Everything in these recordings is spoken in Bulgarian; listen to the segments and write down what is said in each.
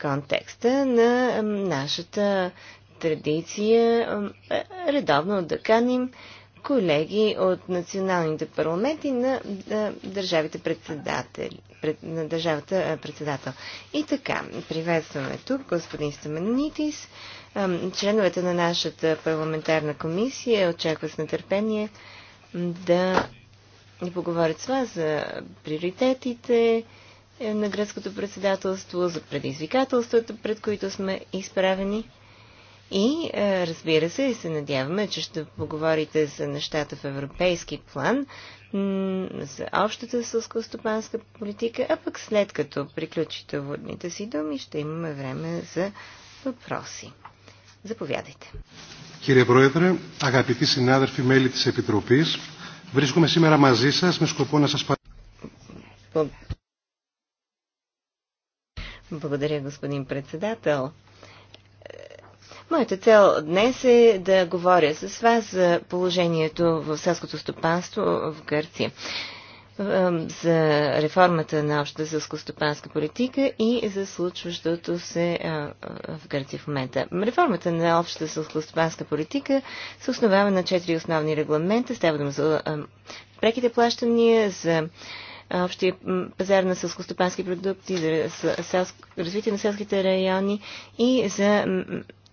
контекста на нашата традиция е, редовно да каним колеги от националните парламенти на държавите председатели, на държавата председател. И така, приветстваме тук господин Стаменитис. Членовете на нашата парламентарна комисия очакват с нетърпение да ни поговорят с вас за приоритетите, е на гръцкото председателство, за предизвикателствата, пред които сме изправени. И е, разбира се, и се надяваме, че ще поговорите за нещата в европейски план, за общата сълскостопанска политика, а пък след като приключите водните си думи, ще имаме време за въпроси. Заповядайте. Κύριε Πρόεδρε, αγαπητοί συνάδελφοι μέλη της Επιτροπής, βρίσκομαι σήμερα μαζί σας με σκοπό να σας παρακολουθήσω. Благодаря, господин председател. Моята цел днес е да говоря с вас за положението в селското стопанство в Гърция, за реформата на общата селско-стопанска политика и за случващото се в Гърция в момента. Реформата на общата селскостопанска политика се основава на четири основни регламента. Става дума за преките плащания, за общия пазар на селскостопански продукти, за развитие на селските райони и за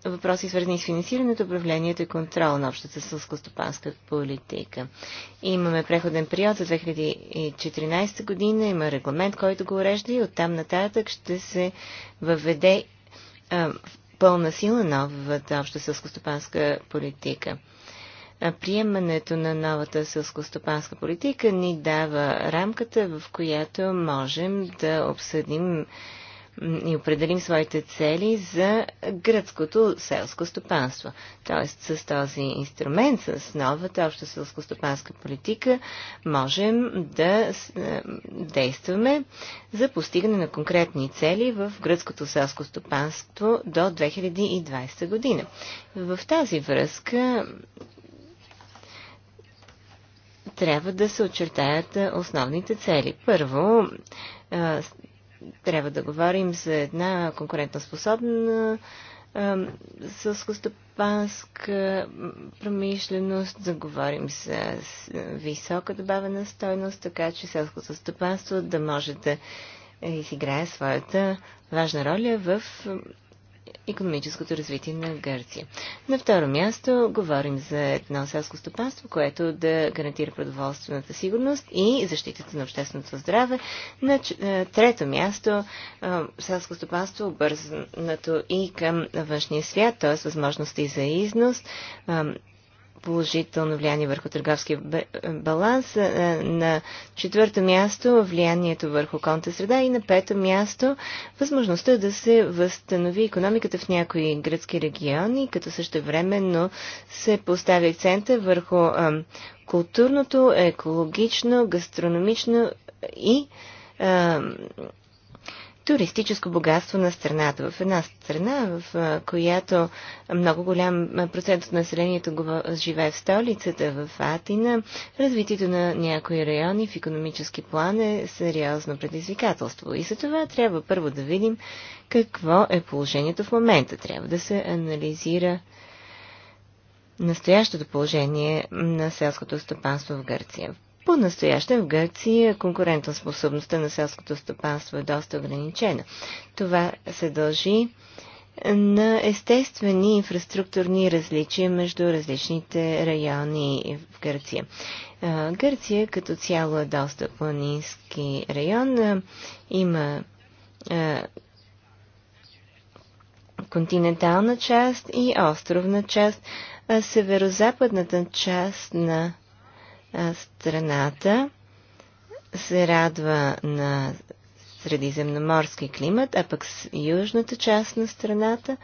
въпроси, свързани с финансирането, управлението и контрол на общата сълскостопанска политика. Имаме преходен период за 2014 година, има регламент, който го урежда и оттам нататък ще се въведе а, в пълна сила новата обща сълскостопанска политика приемането на новата селскостопанска политика ни дава рамката, в която можем да обсъдим и определим своите цели за гръцкото селско стопанство. Тоест с този инструмент, с новата обща селскостопанска политика, можем да е, действаме за постигане на конкретни цели в гръцкото селско стопанство до 2020 година. В тази връзка трябва да се очертаят основните цели. Първо, трябва да говорим за една конкурентоспособна сълскостопанска промишленост, да говорим за висока добавена стойност, така че селското стопанство да може да е, изиграе своята важна роля в економическото развитие на Гърция. На второ място говорим за едно селско стопанство, което да гарантира продоволствената сигурност и защитата на общественото здраве. На е, трето място е, селско стопанство, обързнато и към външния свят, т.е. възможности за износ, е, положително влияние върху търговския баланс, на четвърто място влиянието върху конта среда и на пето място възможността да се възстанови економиката в някои гръцки региони, като същевременно се поставя акцента върху културното, екологично, гастрономично и туристическо богатство на страната. В една страна, в която много голям процент от населението живее в столицата, в Атина, развитието на някои райони в економически план е сериозно предизвикателство. И за това трябва първо да видим какво е положението в момента. Трябва да се анализира настоящото положение на селското стопанство в Гърция. По-настоящем в Гърция конкурентоспособността на селското стопанство е доста ограничена. Това се дължи на естествени инфраструктурни различия между различните райони в Гърция. Гърция като цяло е доста планински район. Има континентална част и островна част. А северо-западната част на страната се радва на средиземноморски климат, а пък с южната част на страната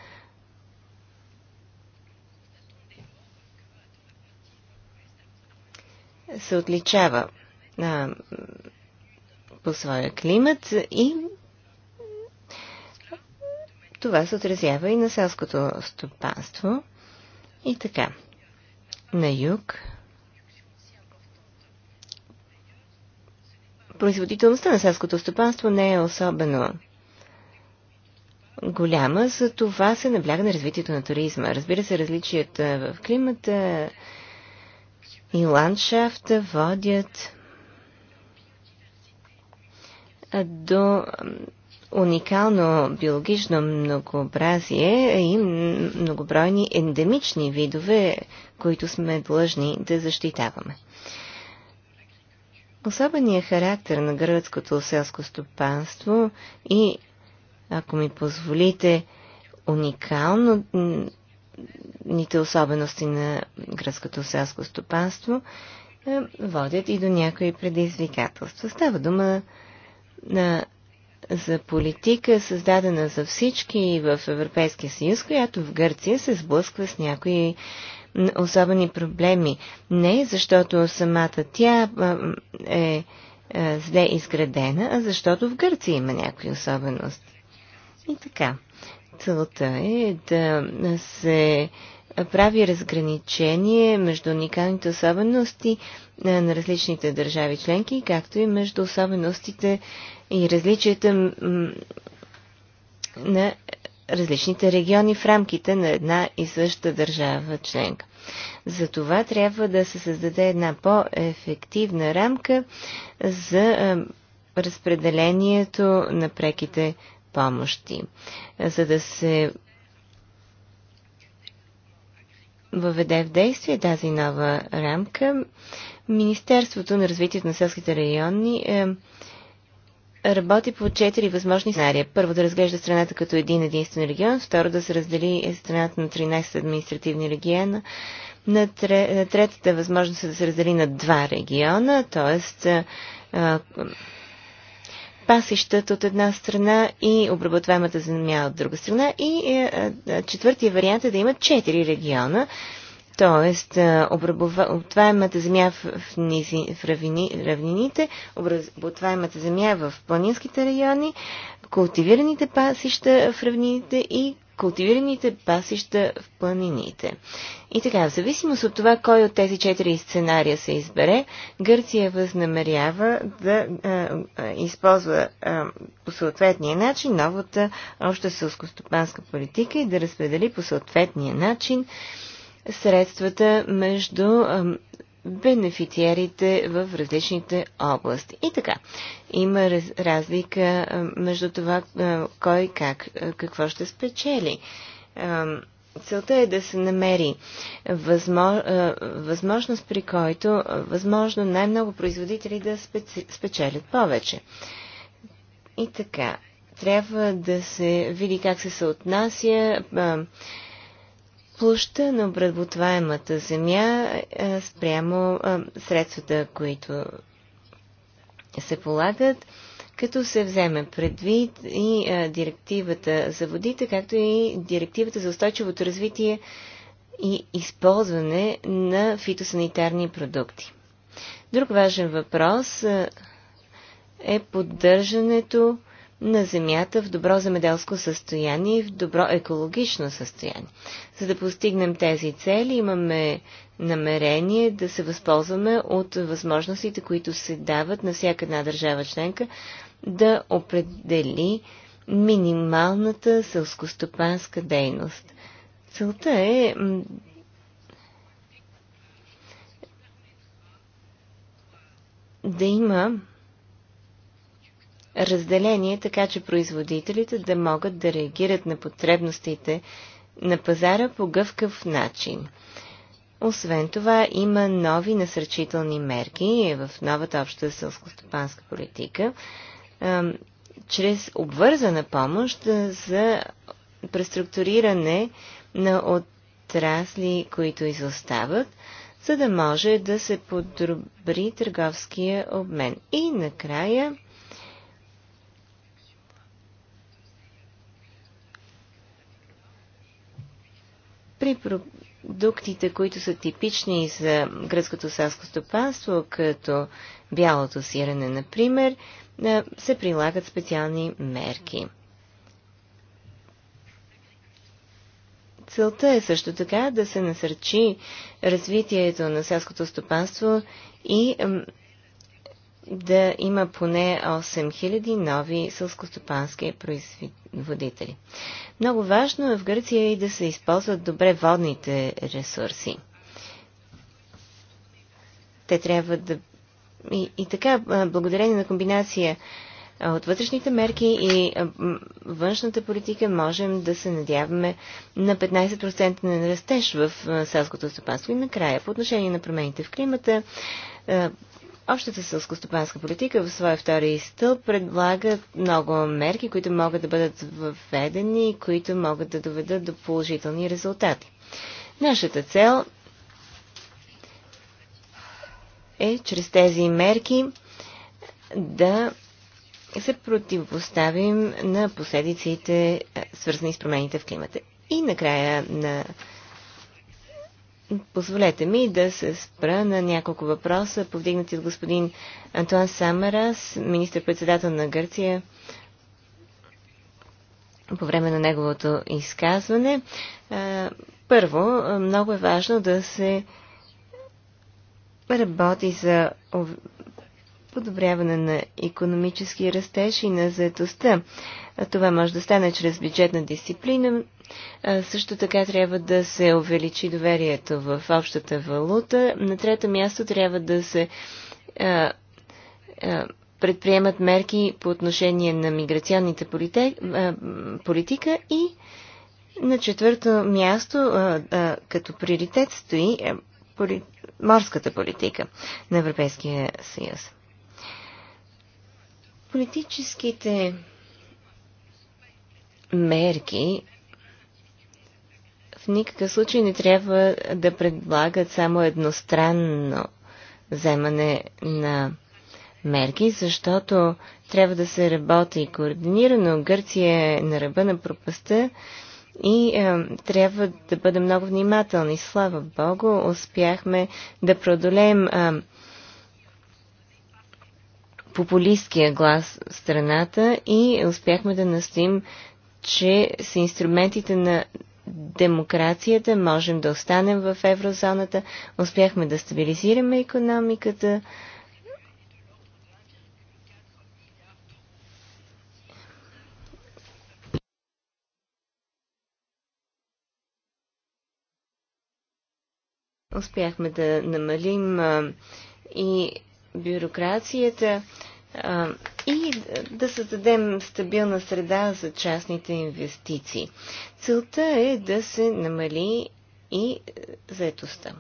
се отличава а, по своя климат и това се отразява и на селското стопанство. И така. На юг производителността на селското стопанство не е особено голяма, за това се набляга на развитието на туризма. Разбира се, различията в климата и ландшафта водят до уникално биологично многообразие и многобройни ендемични видове, които сме длъжни да защитаваме. Особения характер на гръцкото селско стопанство и, ако ми позволите, уникалните особености на гръцкото селско стопанство е, водят и до някои предизвикателства. Става дума на, за политика, създадена за всички в Европейския съюз, която в Гърция се сблъсква с някои особени проблеми. Не защото самата тя е зле изградена, а защото в Гърция има някои особености. И така, целта е да се прави разграничение между уникалните особености на различните държави членки, както и между особеностите и различията на различните региони в рамките на една и съща държава членка. За това трябва да се създаде една по-ефективна рамка за разпределението на преките помощи, за да се въведе в действие тази нова рамка. Министерството на развитието на селските райони е, работи по четири възможни сценария. Първо да разглежда страната като един единствен регион, второ да се раздели страната на 13 административни региона, на, тре, третата възможност е да се раздели на два региона, т.е. пасищата от една страна и обработваемата земя от друга страна. И а, е, е, четвъртия вариант е да има четири региона, Тоест, обработваемата земя в, низи, в равини, равнините, обработваемата земя в планинските райони, култивираните пасища в равнините и култивираните пасища в планините. И така, в зависимост от това, кой от тези четири сценария се избере, Гърция възнамерява да а, а, използва а, по съответния начин новата обща селскостопанска политика и да разпредели по съответния начин а, средствата между бенефициерите в различните области. И така, има разлика между това кой как, какво ще спечели. Целта е да се намери възможност, при който възможно най-много производители да спечелят повече. И така, трябва да се види как се съотнася площа на обработваемата земя спрямо средствата, които се полагат, като се вземе предвид и директивата за водите, както и директивата за устойчивото развитие и използване на фитосанитарни продукти. Друг важен въпрос е поддържането на земята в добро земеделско състояние и в добро екологично състояние. За да постигнем тези цели, имаме намерение да се възползваме от възможностите, които се дават на всяка една държава членка да определи минималната селскостопанска дейност. Целта е да има разделение, така че производителите да могат да реагират на потребностите на пазара по гъвкав начин. Освен това, има нови насръчителни мерки е в новата обща селско-стопанска политика, чрез обвързана помощ за преструктуриране на отрасли, които изостават, за да може да се подобри търговския обмен. И накрая при продуктите, които са типични за гръцкото селско стопанство, като бялото сирене, например, се прилагат специални мерки. Целта е също така да се насърчи развитието на селското стопанство и да има поне 8000 нови сълскостопански производители. Много важно е в Гърция и да се използват добре водните ресурси. Те трябва да. И, и така, благодарение на комбинация от вътрешните мерки и външната политика можем да се надяваме на 15% на растеж в селското стопанство. И накрая, по отношение на промените в климата, Общата сълскостопанска политика в своя втори стълб предлага много мерки, които могат да бъдат въведени и които могат да доведат до положителни резултати. Нашата цел е чрез тези мерки да се противопоставим на последиците, свързани с промените в климата. И накрая на позволете ми да се спра на няколко въпроса, повдигнати от господин Антуан Самарас, министр-председател на Гърция, по време на неговото изказване. Първо, много е важно да се работи за подобряване на економически растеж и на заетостта. Това може да стане чрез бюджетна дисциплина. Също така трябва да се увеличи доверието в общата валута. На трето място трябва да се предприемат мерки по отношение на миграционните политика и на четвърто място като приоритет стои морската политика на Европейския съюз. Политическите мерки в никакъв случай не трябва да предлагат само едностранно вземане на мерки, защото трябва да се работи координирано. Гърция е на ръба на пропаста и е, трябва да бъдем много внимателни. Слава Богу, успяхме да продолеем е, популистския глас в страната и успяхме да настоим, че с инструментите на демокрацията можем да останем в еврозоната, успяхме да стабилизираме економиката. Успяхме да намалим и бюрокрацията и да създадем стабилна среда за частните инвестиции. Целта е да се намали и заетостта.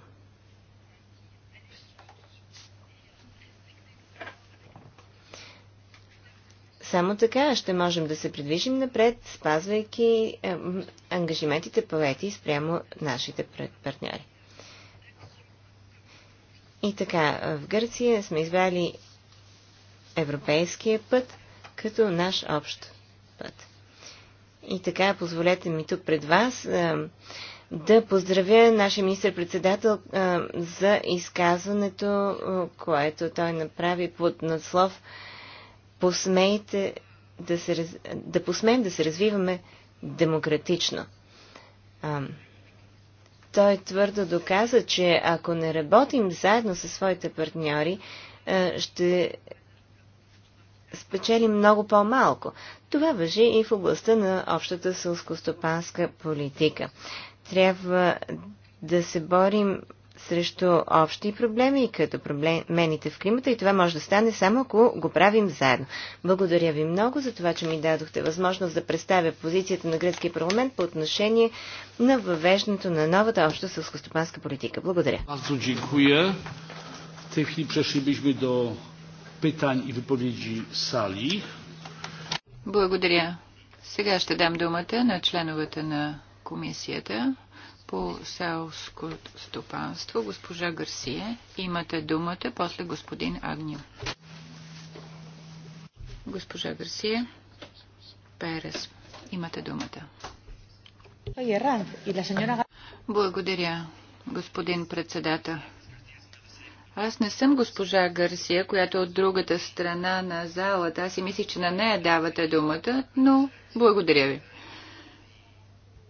Само така ще можем да се придвижим напред, спазвайки ангажиментите повети спрямо нашите партньори. И така, в Гърция сме избрали европейския път като наш общ път. И така, позволете ми тук пред вас да поздравя нашия министр-председател за изказването, което той направи под надслов посмейте да, се, да посмеем да се развиваме демократично той твърдо доказа, че ако не работим заедно със своите партньори, е, ще спечелим много по-малко. Това въжи и в областта на общата сълскостопанска политика. Трябва да се борим срещу общи проблеми, като промените в климата и това може да стане само ако го правим заедно. Благодаря ви много за това, че ми дадохте възможност да представя позицията на гръцкия парламент по отношение на въвеждането на новата обща сълскостопанска политика. Благодаря. Bardzo Благодаря. Сега ще дам думата на членовете на комисията по селско стопанство. Госпожа Гарсия, имате думата, после господин Агнил. Госпожа Гарсия, Перес, имате думата. Благодаря, господин председател. Аз не съм госпожа Гарсия, която е от другата страна на залата. Аз си мислих, че на нея давате думата, но благодаря ви.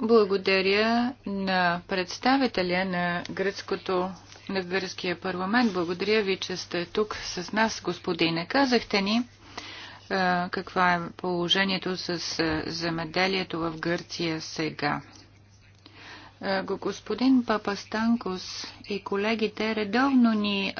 Благодаря на представителя на гръцкото на гръцкия парламент. Благодаря ви, че сте тук с нас, господине. Казахте ни каква е положението с земеделието в Гърция сега. Господин Папастанкос и колегите редовно ни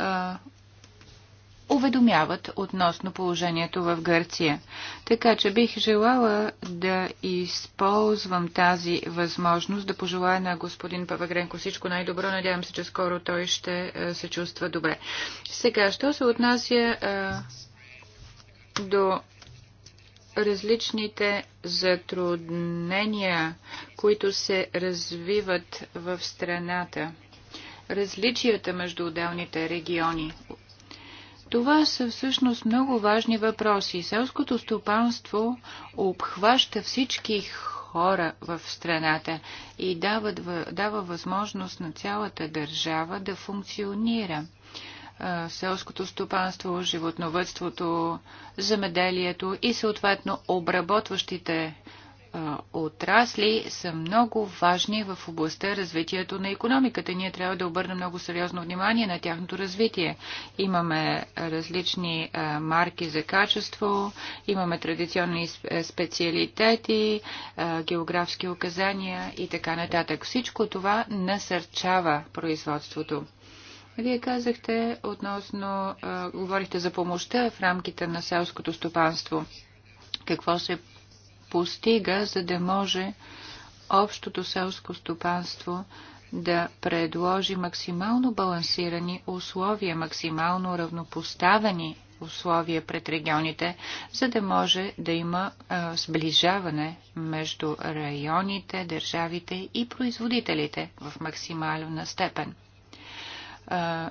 уведомяват относно положението в Гърция. Така че бих желала да използвам тази възможност да пожелая на господин Павагренко всичко най-добро. Надявам се, че скоро той ще е, се чувства добре. Сега, що се отнася а, е, до различните затруднения, които се развиват в страната, различията между отделните региони, това са всъщност много важни въпроси. Селското стопанство обхваща всички хора в страната и дава, дава възможност на цялата държава да функционира. Селското стопанство, животновътството, земеделието и съответно обработващите отрасли са много важни в областта развитието на економиката. Ние трябва да обърнем много сериозно внимание на тяхното развитие. Имаме различни марки за качество, имаме традиционни специалитети, географски указания и така нататък. Всичко това насърчава производството. Вие казахте относно, говорихте за помощта в рамките на селското стопанство. Какво се постига, за да може общото селско стопанство да предложи максимално балансирани условия, максимално равнопоставени условия пред регионите, за да може да има а, сближаване между районите, държавите и производителите в максимална степен. А,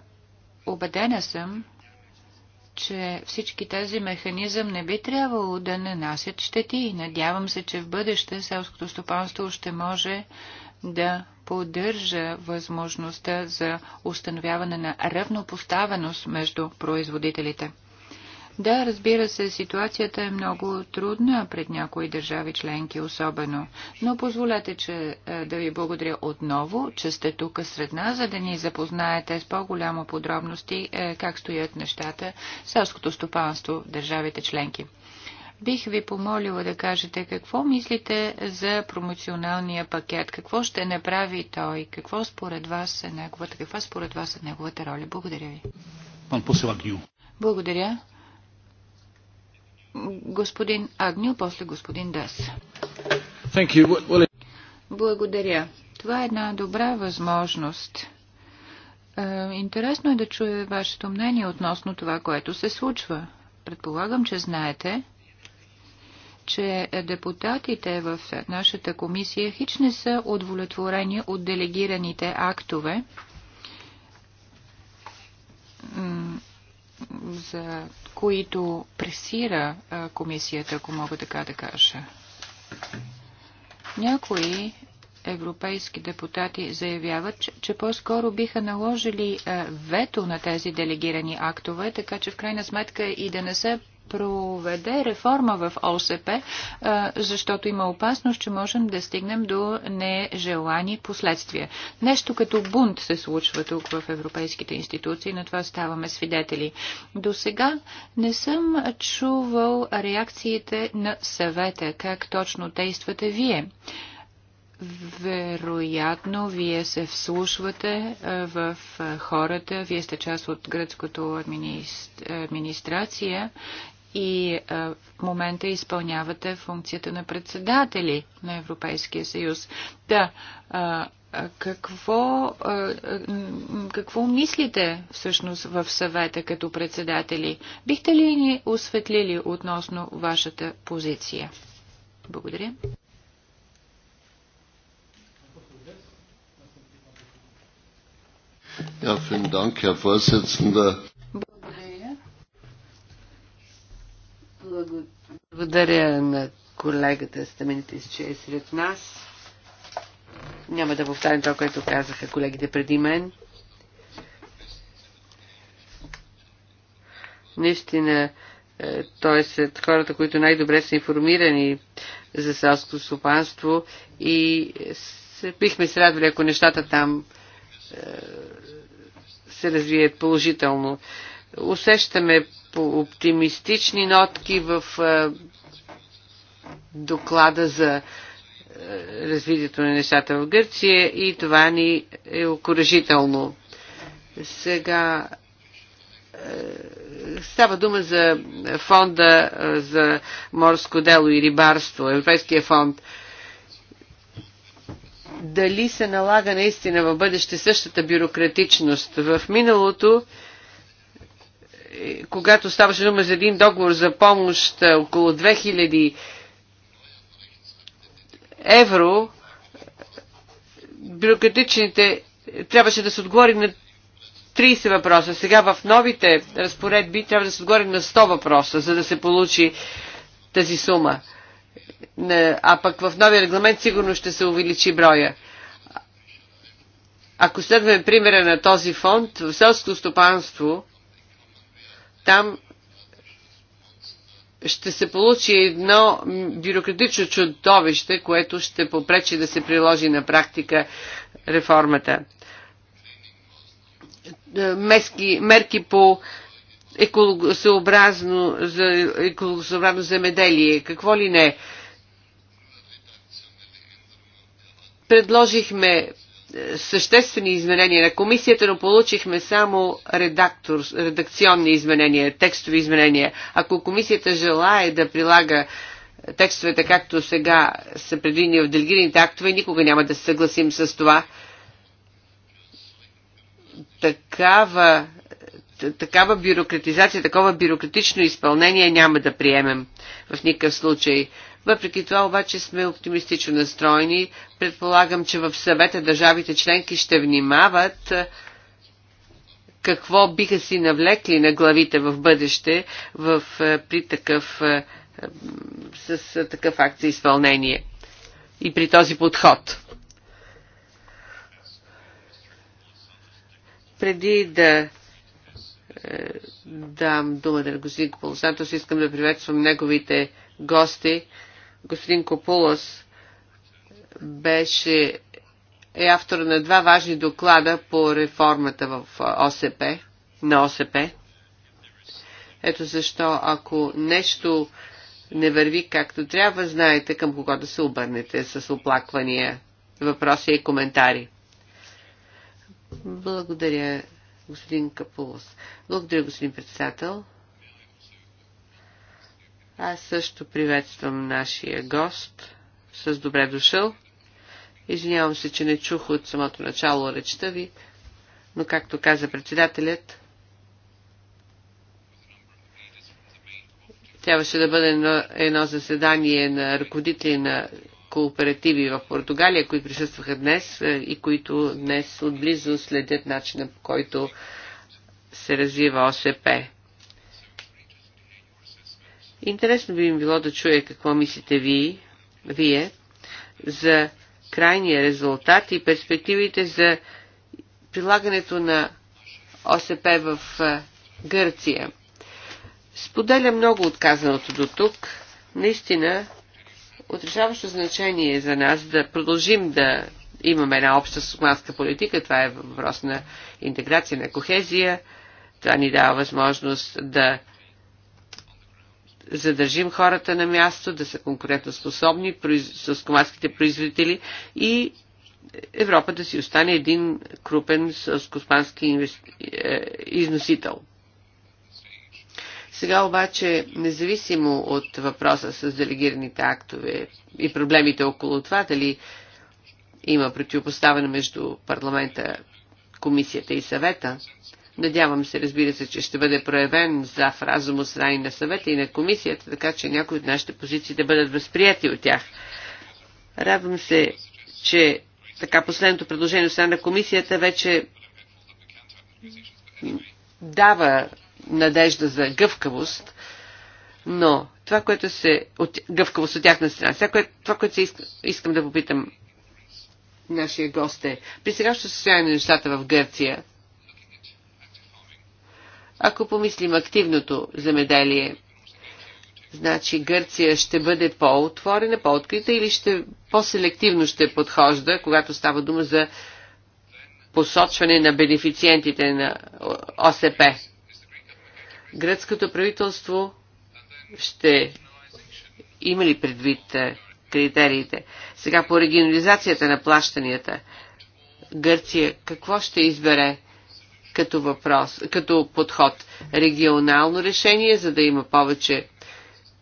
убедена съм, че всички тези механизъм не би трябвало да нанасят щети. Надявам се, че в бъдеще селското стопанство ще може да поддържа възможността за установяване на равнопоставеност между производителите. Да, разбира се, ситуацията е много трудна пред някои държави членки особено, но позволете, че е, да ви благодаря отново, че сте тук сред нас, за да ни запознаете с по-голямо подробности е, как стоят нещата в селското стопанство в държавите членки. Бих ви помолила да кажете какво мислите за промоционалния пакет, какво ще направи той, какво според вас е неговата, каква според вас е неговата роля. Благодаря ви. Благодаря господин Агню, после господин Дес. Благодаря. Това е една добра възможност. Е, интересно е да чуя вашето мнение относно това, което се случва. Предполагам, че знаете, че депутатите в нашата комисия хич не са удовлетворени от делегираните актове за които пресира комисията, ако мога така да кажа. Някои европейски депутати заявяват, че, че по-скоро биха наложили вето на тези делегирани актове, така че в крайна сметка и да не се проведе реформа в ОСП, защото има опасност, че можем да стигнем до нежелани последствия. Нещо като бунт се случва тук в европейските институции, на това ставаме свидетели. До сега не съм чувал реакциите на съвета, как точно действате вие. Вероятно, вие се вслушвате в хората, вие сте част от гръцкото администрация и в момента изпълнявате функцията на председатели на Европейския съюз. Да, какво, какво мислите всъщност в съвета като председатели? Бихте ли ни осветлили относно вашата позиция? Благодаря. Ja, vielen Dank, Herr Vorsitzender. Благодаря на колегата Стамените че е сред нас. Няма да повтарям това, което казаха колегите преди мен. Наистина, е, той е сред хората, които най-добре са информирани за селското стопанство и бихме се радвали, ако нещата там е, се развият положително. Усещаме по оптимистични нотки в доклада за развитието на нещата в Гърция и това ни е окоръжително. Сега става дума за фонда за морско дело и рибарство, Европейския фонд. Дали се налага наистина в бъдеще същата бюрократичност? В миналото когато ставаше дума за един договор за помощ около 2000 евро, бюрократичните трябваше да се отговори на 30 въпроса. Сега в новите разпоредби трябва да се отговори на 100 въпроса, за да се получи тази сума. А пък в новия регламент сигурно ще се увеличи броя. Ако следваме примера на този фонд, в селско стопанство там ще се получи едно бюрократично чудовище, което ще попречи да се приложи на практика реформата. Мески, мерки по екологосъобразно, за екологосъобразно земеделие, какво ли не. Предложихме съществени изменения на комисията, но получихме само редактор, редакционни изменения, текстови изменения. Ако комисията желае да прилага текстовете, както сега са предвидени в делегираните актове, никога няма да се съгласим с това. Такава, такава бюрократизация, такова бюрократично изпълнение няма да приемем в никакъв случай. Въпреки това обаче сме оптимистично настроени. Предполагам, че в съвета държавите членки ще внимават какво биха си навлекли на главите в бъдеще в, при такъв, с такъв акт за изпълнение и при този подход. Преди да е, дам дума на господин Полосатос, искам да приветствам неговите гости господин Копулос беше е автор на два важни доклада по реформата в ОСП, на ОСП. Ето защо, ако нещо не върви както трябва, знаете към кого да се обърнете с оплаквания, въпроси и коментари. Благодаря, господин Капулос. Благодаря, господин председател. Аз също приветствам нашия гост с добре дошъл. Извинявам се, че не чух от самото начало речта ви, но както каза председателят, трябваше да бъде едно, едно заседание на ръководители на кооперативи в Португалия, които присъстваха днес е, и които днес отблизо следят начина по който се развива ОСП. Интересно би им било да чуя какво мислите ви, вие за крайния резултат и перспективите за прилагането на ОСП в Гърция. Споделя много отказаното до тук. Наистина, отрешаващо значение е за нас да продължим да имаме една обща стопанска политика. Това е въпрос на интеграция, на кохезия. Това ни дава възможност да задържим хората на място, да са с селскоманските производители и Европа да си остане един крупен с коспански е, износител. Сега обаче, независимо от въпроса с делегираните актове и проблемите около това, дали има противопоставане между парламента, комисията и съвета, Надявам се, разбира се, че ще бъде проявен за разум от страни на съвета и на комисията, така че някои от нашите позиции да бъдат възприяти от тях. Радвам се, че така последното предложение от страна на комисията вече дава надежда за гъвкавост, но това, което се... От, гъвкавост от тяхна страна. Сега, кое, това, което се иска, искам да попитам нашия гост е. При сегашното състояние на нещата в Гърция, ако помислим активното замеделие. значи Гърция ще бъде по-отворена, по-открита или ще по-селективно ще подхожда, когато става дума за посочване на бенефициентите на ОСП. Гръцкото правителство ще има ли предвид е, критериите? Сега по регионализацията на плащанията. Гърция какво ще избере? като, въпрос, като подход. Регионално решение, за да има повече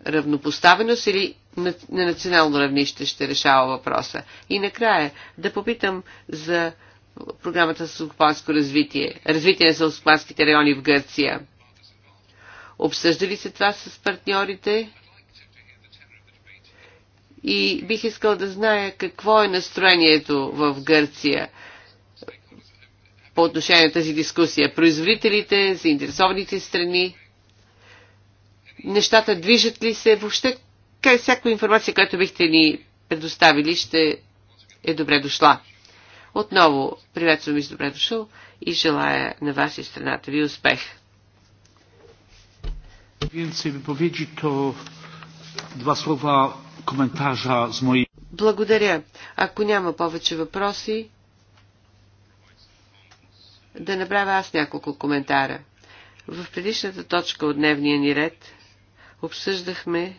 равнопоставеност или на, на национално равнище ще решава въпроса. И накрая да попитам за програмата за селскопанско развитие, развитие на селскопанските райони в Гърция. Обсъждали се това с партньорите? И бих искал да зная какво е настроението в Гърция по отношение на тази дискусия. Производителите, заинтересованите страни, нещата движат ли се, въобще кай всяка информация, която бихте ни предоставили, ще е добре дошла. Отново приветствам и с добре дошъл и желая на вас и страната ви успех. Благодаря. Ако няма повече въпроси, да направя аз няколко коментара. В предишната точка от дневния ни ред обсъждахме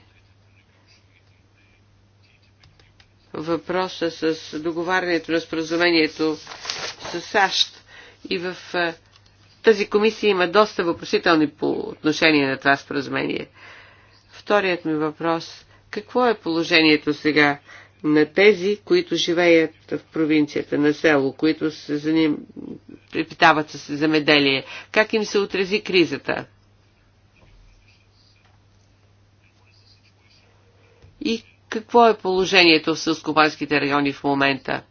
въпроса с договарянето на споразумението с САЩ и в тази комисия има доста въпросителни по отношение на това споразумение. Вторият ми въпрос – какво е положението сега на тези, които живеят в провинцията, на село, които се заним... препитават с замеделие? Как им се отрази кризата? И какво е положението в селскопанските райони в момента?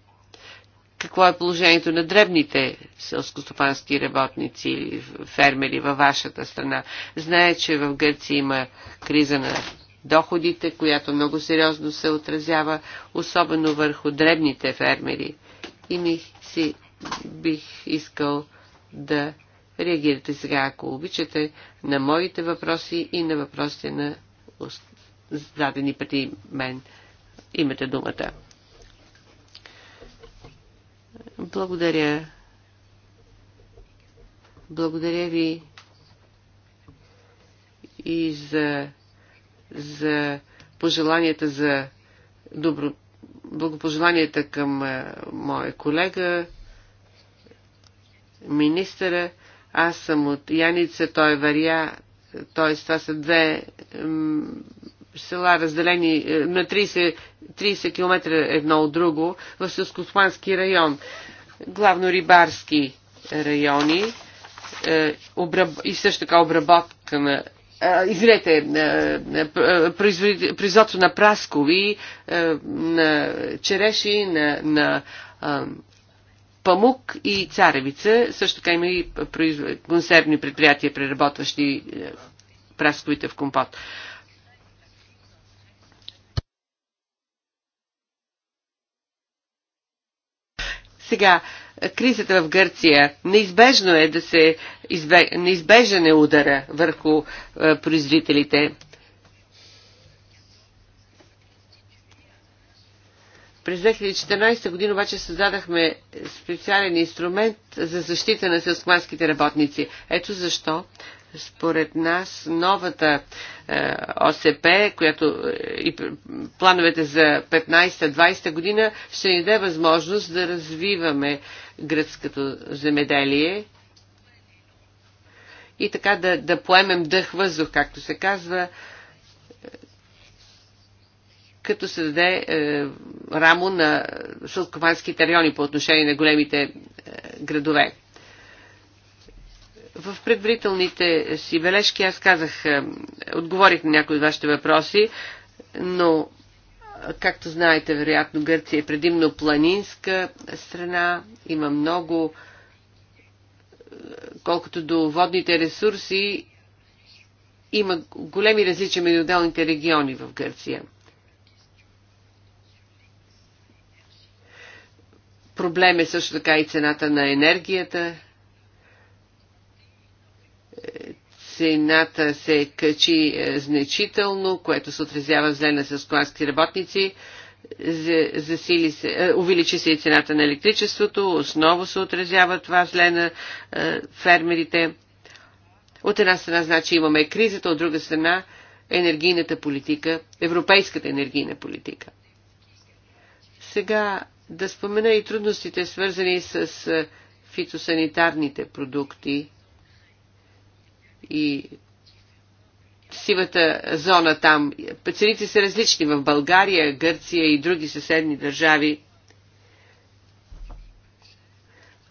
Какво е положението на дребните селскостопански работници или фермери във вашата страна? Знае, че в Гърция има криза на доходите, която много сериозно се отразява, особено върху дребните фермери. И ми си бих искал да реагирате сега, ако обичате, на моите въпроси и на въпросите на зададени преди мен. Имате думата. Благодаря. Благодаря ви и за за пожеланията за добро, благопожеланията към моя колега, министъра. Аз съм от Яница, той е Варя, т.е. това са две села разделени е, на 30, 30 км едно от друго в Сълскоспански район, главно рибарски райони е, и също така обработка на извинете, производство на праскови, на череши, на, на памук и царевица. Също така има и консервни предприятия, преработващи прасковите в компот. Сега, кризата в Гърция. Неизбежно е да се избег... неизбежен е удара върху е, производителите. През 2014 година обаче създадахме специален инструмент за защита на селскоманските работници. Ето защо според нас новата е, ОСП, която е, и плановете за 15-20 година ще ни даде възможност да развиваме гръцкото земеделие и така да, да поемем дъх въздух, както се казва, е, като се даде е, рамо на шелкованските райони по отношение на големите е, градове. В предварителните си бележки аз казах, е, отговорих на някои от вашите въпроси, но Както знаете, вероятно, Гърция е предимно планинска страна, има много, колкото до водните ресурси, има големи различия между отделните региони в Гърция. Проблем е също така и цената на енергията, цената се качи е, значително, което се отразява в зелена селскоански работници. Засили се, е, увеличи се и цената на електричеството, основно се отразява това зле на е, фермерите. От една страна, значи имаме кризата, от друга страна енергийната политика, европейската енергийна политика. Сега да спомена и трудностите, свързани с фитосанитарните продукти, и сивата зона там. Цените са различни в България, Гърция и други съседни държави.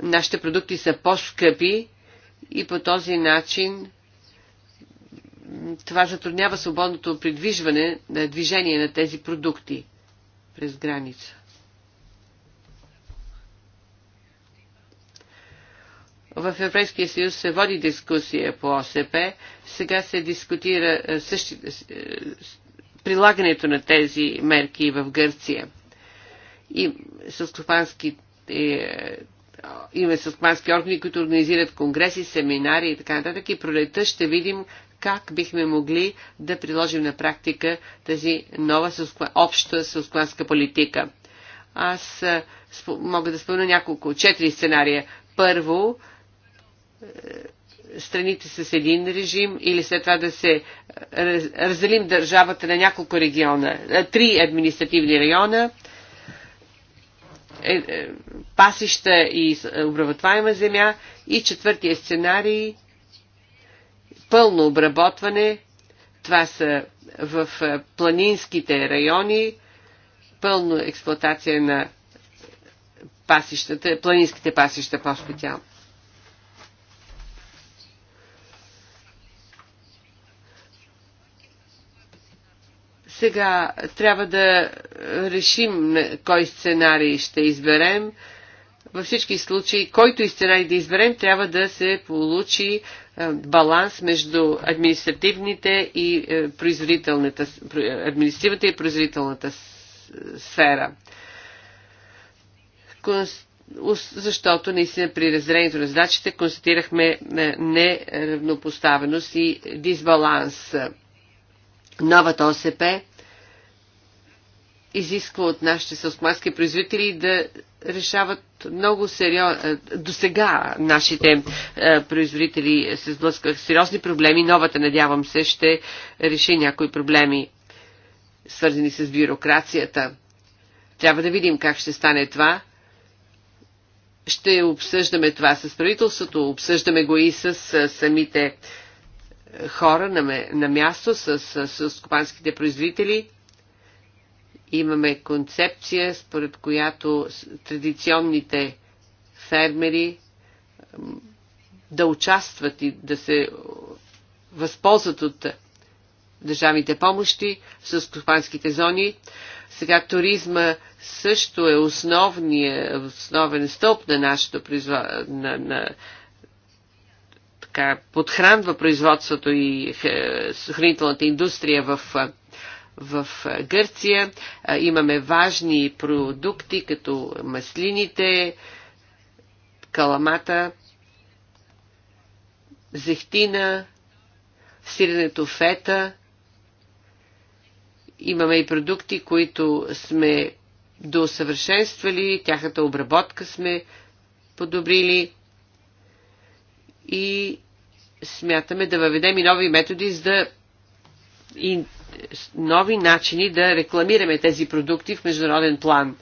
Нашите продукти са по-скъпи и по този начин това затруднява свободното придвижване на движение на тези продукти през граница. В Европейския съюз се води дискусия по ОСП. Сега се дискутира е, същи, е, прилагането на тези мерки в Гърция. И съступански е, има съступански органи, които организират конгреси, семинари и така нататък. И пролета ще видим как бихме могли да приложим на практика тази нова обща селскостопанска политика. Аз мога да спомня няколко, четири сценария. Първо, страните с един режим или след това да се разделим държавата на няколко региона, три административни района, е, е, пасища и е, обработваема земя и четвъртия сценарий пълно обработване. Това са в планинските райони пълно експлуатация на пасищата, планинските пасища по-специално. Сега трябва да решим кой сценарий ще изберем. Във всички случаи, който и сценарий да изберем, трябва да се получи е, баланс между административните и е, производителната, административната и производителната сфера. Защото наистина при разделението на задачите констатирахме е, неравнопоставеност и дисбаланс. Новата ОСП изисква от нашите селскомански производители да решават много сериозно. Е, до сега нашите е, производители се сблъсках с сериозни проблеми. Новата, надявам се, ще реши някои проблеми, свързани с бюрокрацията. Трябва да видим как ще стане това. Ще обсъждаме това с правителството, обсъждаме го и с е, самите хора на място, с, с, с производители Имаме концепция, според която традиционните фермери да участват и да се възползват от държавните помощи в стопанските зони. Сега туризма също е основния, основен стълб на нашето производство, на, на, така, подхранва производството и е, хранителната индустрия в е, в Гърция. Имаме важни продукти, като маслините, каламата, зехтина, сиренето фета. Имаме и продукти, които сме досъвършенствали, тяхната обработка сме подобрили и смятаме да въведем и нови методи за да нови начини да рекламираме тези продукти в международен план.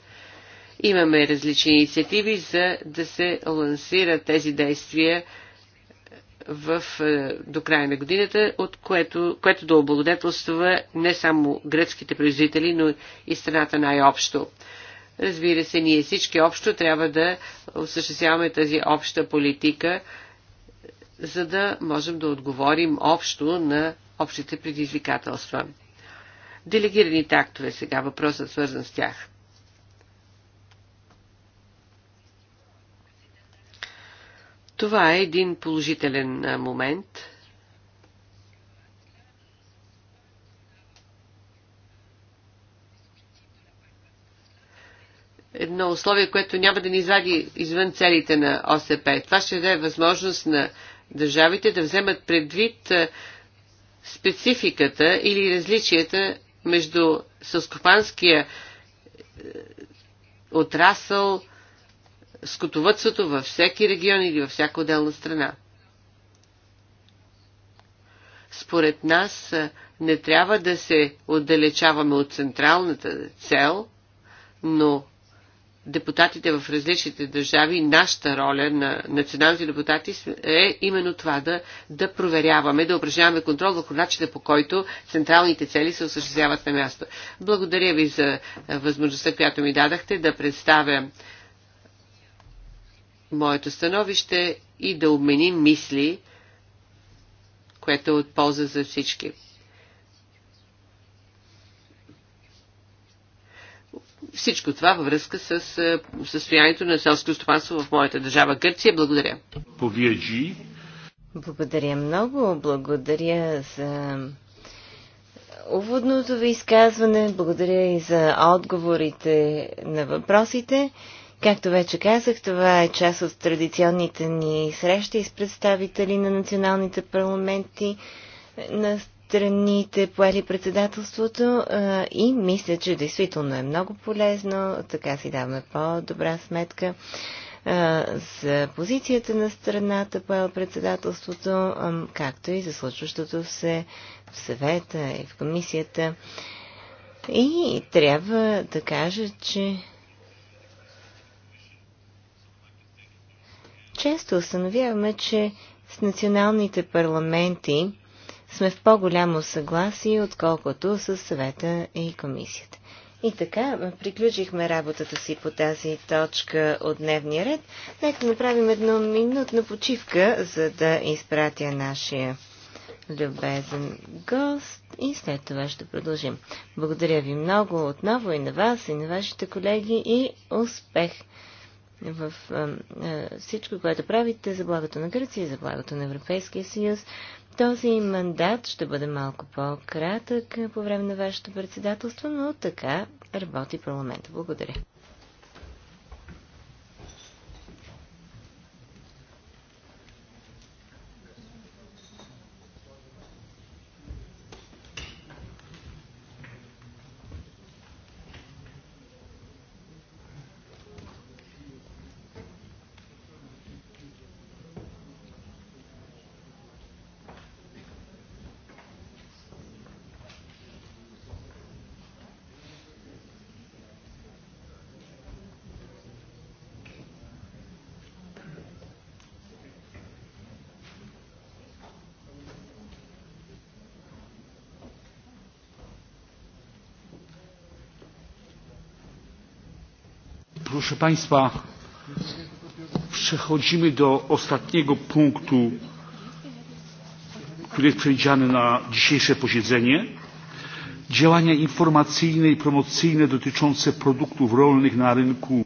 Имаме различни инициативи за да се лансират тези действия в, е, до края на годината, от което, което да облагодетелства не само гръцките производители, но и страната най-общо. Разбира се, ние всички общо трябва да осъществяваме тази обща политика, за да можем да отговорим общо на общите предизвикателства. Делегираните актове сега, въпросът свързан с тях. Това е един положителен момент. Едно условие, което няма да ни извади извън целите на ОСП. Това ще даде възможност на държавите да вземат предвид спецификата или различията между съскопанския е, отрасъл, скотовътството във всеки регион или във всяка отделна страна. Според нас е, не трябва да се отдалечаваме от централната цел, но депутатите в различните държави, нашата роля на националните депутати е именно това да, да проверяваме, да упражняваме контрол върху начина по който централните цели се осъществяват на място. Благодаря ви за възможността, която ми дадахте да представя моето становище и да обменим мисли, което е от полза за всички. всичко това във връзка с е, състоянието на селското стопанство в моята държава Гърция. Благодаря. Повиеджи. Благодаря много. Благодаря за уводното ви изказване. Благодаря и за отговорите на въпросите. Както вече казах, това е част от традиционните ни срещи с представители на националните парламенти на страните поели председателството и мисля, че действително е много полезно. Така си даваме по-добра сметка за позицията на страната поела председателството, както и за случващото се в съвета и в комисията. И трябва да кажа, че често установяваме, че с националните парламенти сме в по-голямо съгласие, отколкото с съвета и комисията. И така, приключихме работата си по тази точка от дневния ред. Нека направим едно минутна почивка, за да изпратя нашия любезен гост и след това ще продължим. Благодаря ви много отново и на вас, и на вашите колеги и успех! в всичко, което правите за благото на Гърция, за благото на Европейския съюз. Този мандат ще бъде малко по-кратък по време на вашето председателство, но така работи парламента. Благодаря. Proszę Państwa, przechodzimy do ostatniego punktu, który jest przewidziany na dzisiejsze posiedzenie. Działania informacyjne i promocyjne dotyczące produktów rolnych na rynku.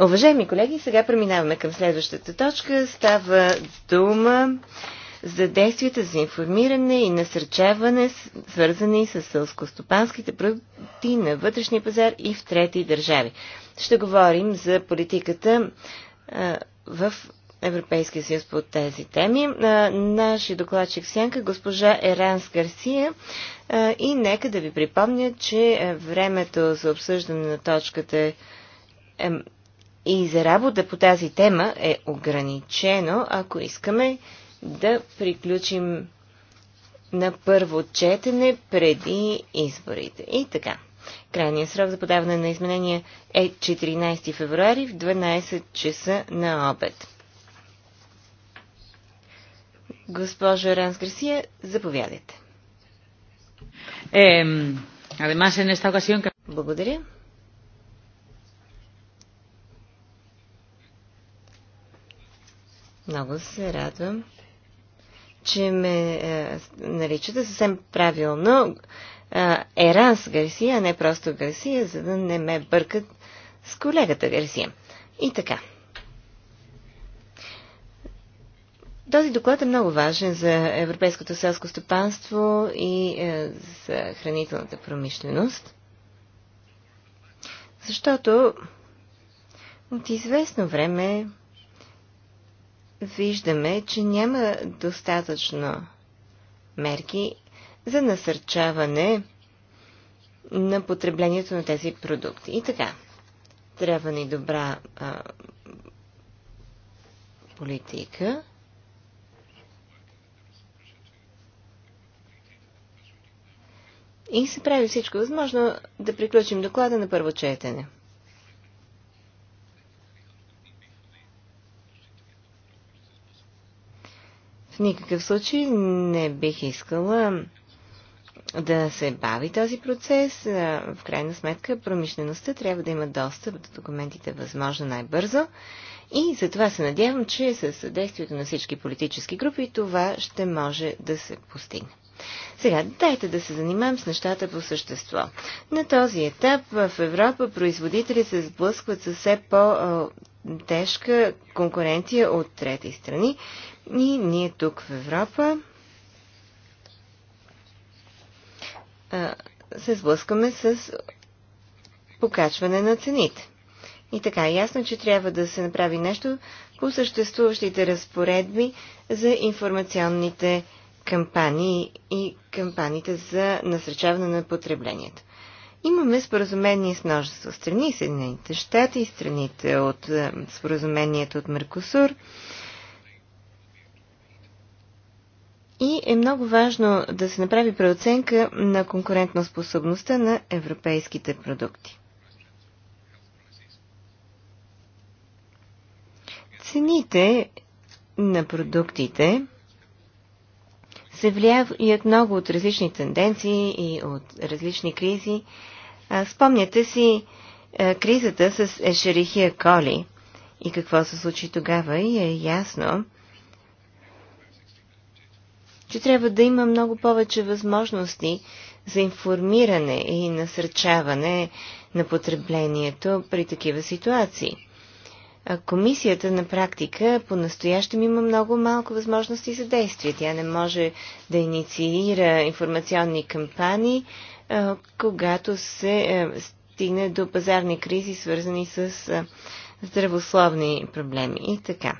Уважаеми колеги, сега преминаваме към следващата точка. Става дума за действията за информиране и насърчаване, свързани с сълскостопанските продукти на вътрешния пазар и в трети държави ще говорим за политиката в Европейския съюз по тези теми. Наши докладчик Сянка, госпожа Еранс Гарсия. И нека да ви припомня, че времето за обсъждане на точката и за работа по тази тема е ограничено, ако искаме да приключим на първо четене преди изборите. И така. Крайният срок за подаване на изменения е 14 февруари в 12 часа на обед. Госпожа Ранс Гарсия, заповядайте. Е, además, en esta ocasión... Благодаря. Много се радвам, че ме е, наричате съвсем правилно е, Еранс Гарсия, а не просто Гарсия, за да не ме бъркат с колегата Гарсия. И така. Този доклад е много важен за европейското селско стопанство и е, за хранителната промишленост, защото от известно време виждаме, че няма достатъчно мерки за насърчаване на потреблението на тези продукти. И така, трябва ни добра а, политика. И се прави всичко възможно да приключим доклада на първо четене. В никакъв случай не бих искала да се бави този процес. В крайна сметка промишлеността трябва да има достъп до документите възможно най-бързо. И за това се надявам, че с съдействието на всички политически групи това ще може да се постигне. Сега, дайте да се занимаем с нещата по същество. На този етап в Европа производители се сблъскват с все по-тежка конкуренция от трети страни и ние тук в Европа се сблъскаме с покачване на цените. И така е ясно, че трябва да се направи нещо по съществуващите разпоредби за информационните кампании и кампаниите за насречаване на потреблението. Имаме споразумение с множество страни, Съединените щати, страните от споразумението от Меркосур И е много важно да се направи преоценка на конкурентна способността на европейските продукти. Цените на продуктите се влияят много от различни тенденции и от различни кризи. Спомняте си кризата с Ешерихия Коли и какво се случи тогава и е ясно, че трябва да има много повече възможности за информиране и насърчаване на потреблението при такива ситуации. Комисията на практика по-настоящем има много малко възможности за действие. Тя не може да инициира информационни кампании, когато се стигне до пазарни кризи, свързани с здравословни проблеми и така.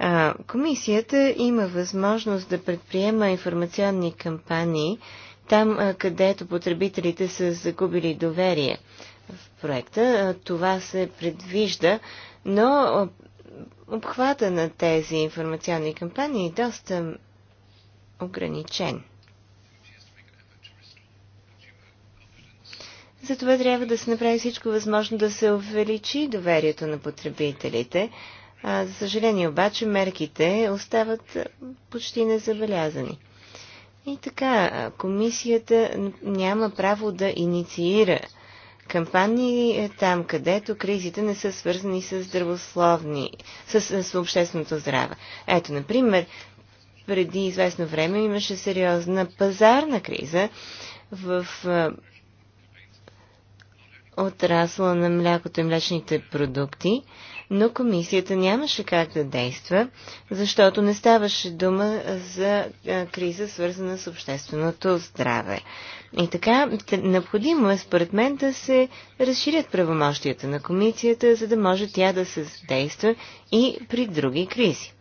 А, комисията има възможност да предприема информационни кампании там, където потребителите са загубили доверие в проекта. това се предвижда, но обхвата на тези информационни кампании е доста ограничен. Затова трябва да се направи всичко възможно да се увеличи доверието на потребителите – а, за съжаление обаче мерките остават почти незабелязани. И така, комисията няма право да инициира кампании е, там, където кризите не са свързани с здравословни, с, с общественото здраве. Ето, например, преди известно време имаше сериозна пазарна криза в а, отрасла на млякото и млечните продукти но комисията нямаше как да действа, защото не ставаше дума за криза, свързана с общественото здраве. И така, необходимо е според мен да се разширят правомощията на комисията, за да може тя да се действа и при други кризи.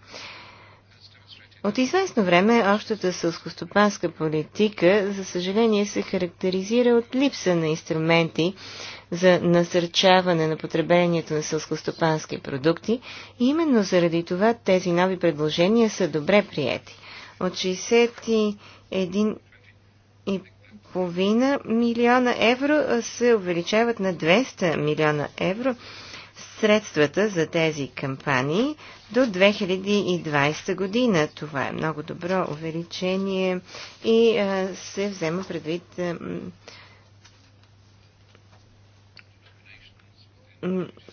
От известно време общата сълскостопанска политика, за съжаление, се характеризира от липса на инструменти за насърчаване на потреблението на сълскостопански продукти и именно заради това тези нови предложения са добре приети. От 61,5 милиона евро се увеличават на 200 милиона евро – средствата за тези кампании до 2020 година. Това е много добро увеличение и се взема предвид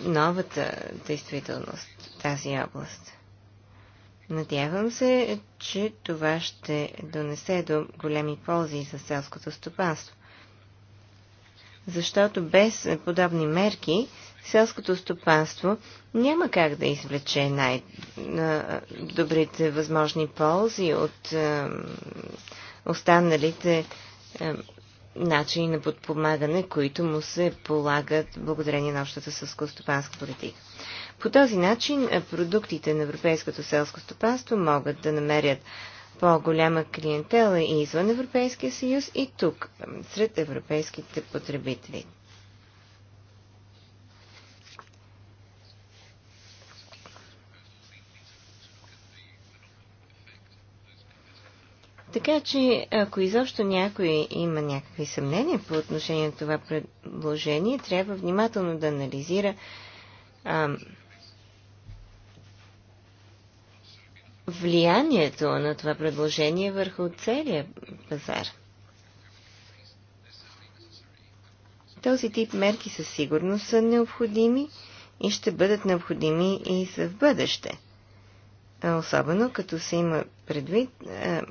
новата действителност в тази област. Надявам се, че това ще донесе до големи ползи за селското стопанство. Защото без подобни мерки селското стопанство няма как да извлече най-добрите възможни ползи от останалите начини на подпомагане, които му се полагат благодарение на общата селско-стопанска политика. По този начин е, продуктите на европейското селско стопанство могат да намерят по-голяма клиентела и извън Европейския съюз и тук, сред европейските потребители. Така че, ако изобщо някой има някакви съмнения по отношение на това предложение, трябва внимателно да анализира а, влиянието на това предложение върху целия пазар. Този тип мерки със сигурност са необходими и ще бъдат необходими и за в бъдеще. Особено като се има предвид а,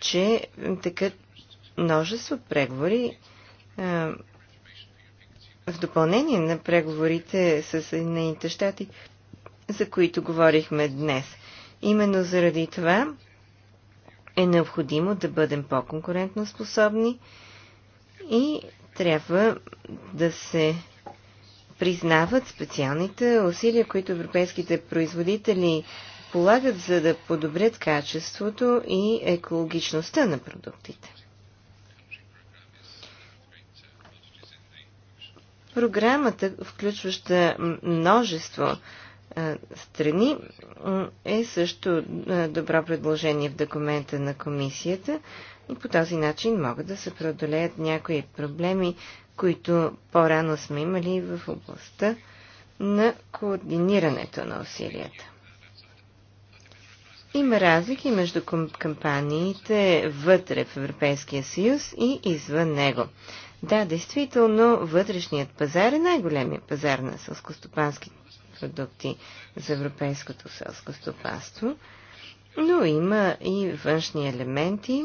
че така множество преговори а, в допълнение на преговорите с Съединените щати, за които говорихме днес. Именно заради това е необходимо да бъдем по-конкурентно способни и трябва да се признават специалните усилия, които европейските производители полагат, за да подобрят качеството и екологичността на продуктите. Програмата, включваща множество страни, е също добро предложение в документа на комисията и по този начин могат да се преодолеят някои проблеми, които по-рано сме имали в областта на координирането на усилията. Има разлики между кампаниите вътре в Европейския съюз и извън него. Да, действително, вътрешният пазар е най-големият пазар на сълскостопански продукти за европейското селско стопанство, но има и външни елементи,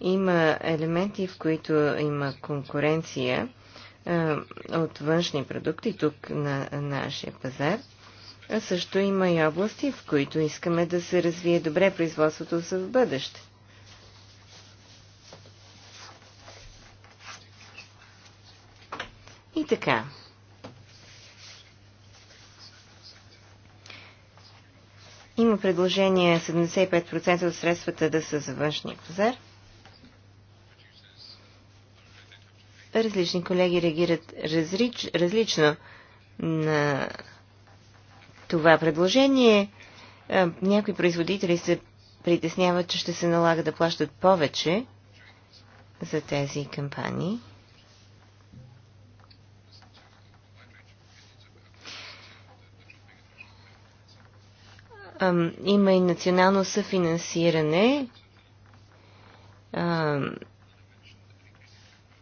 има елементи, в които има конкуренция от външни продукти тук на нашия пазар – а също има и области, в които искаме да се развие добре производството за в бъдеще. И така. Има предложение 75% от средствата да са за външния пазар. Различни колеги реагират различ, различно на това предложение. Някои производители се притесняват, че ще се налага да плащат повече за тези кампании. Има и национално съфинансиране.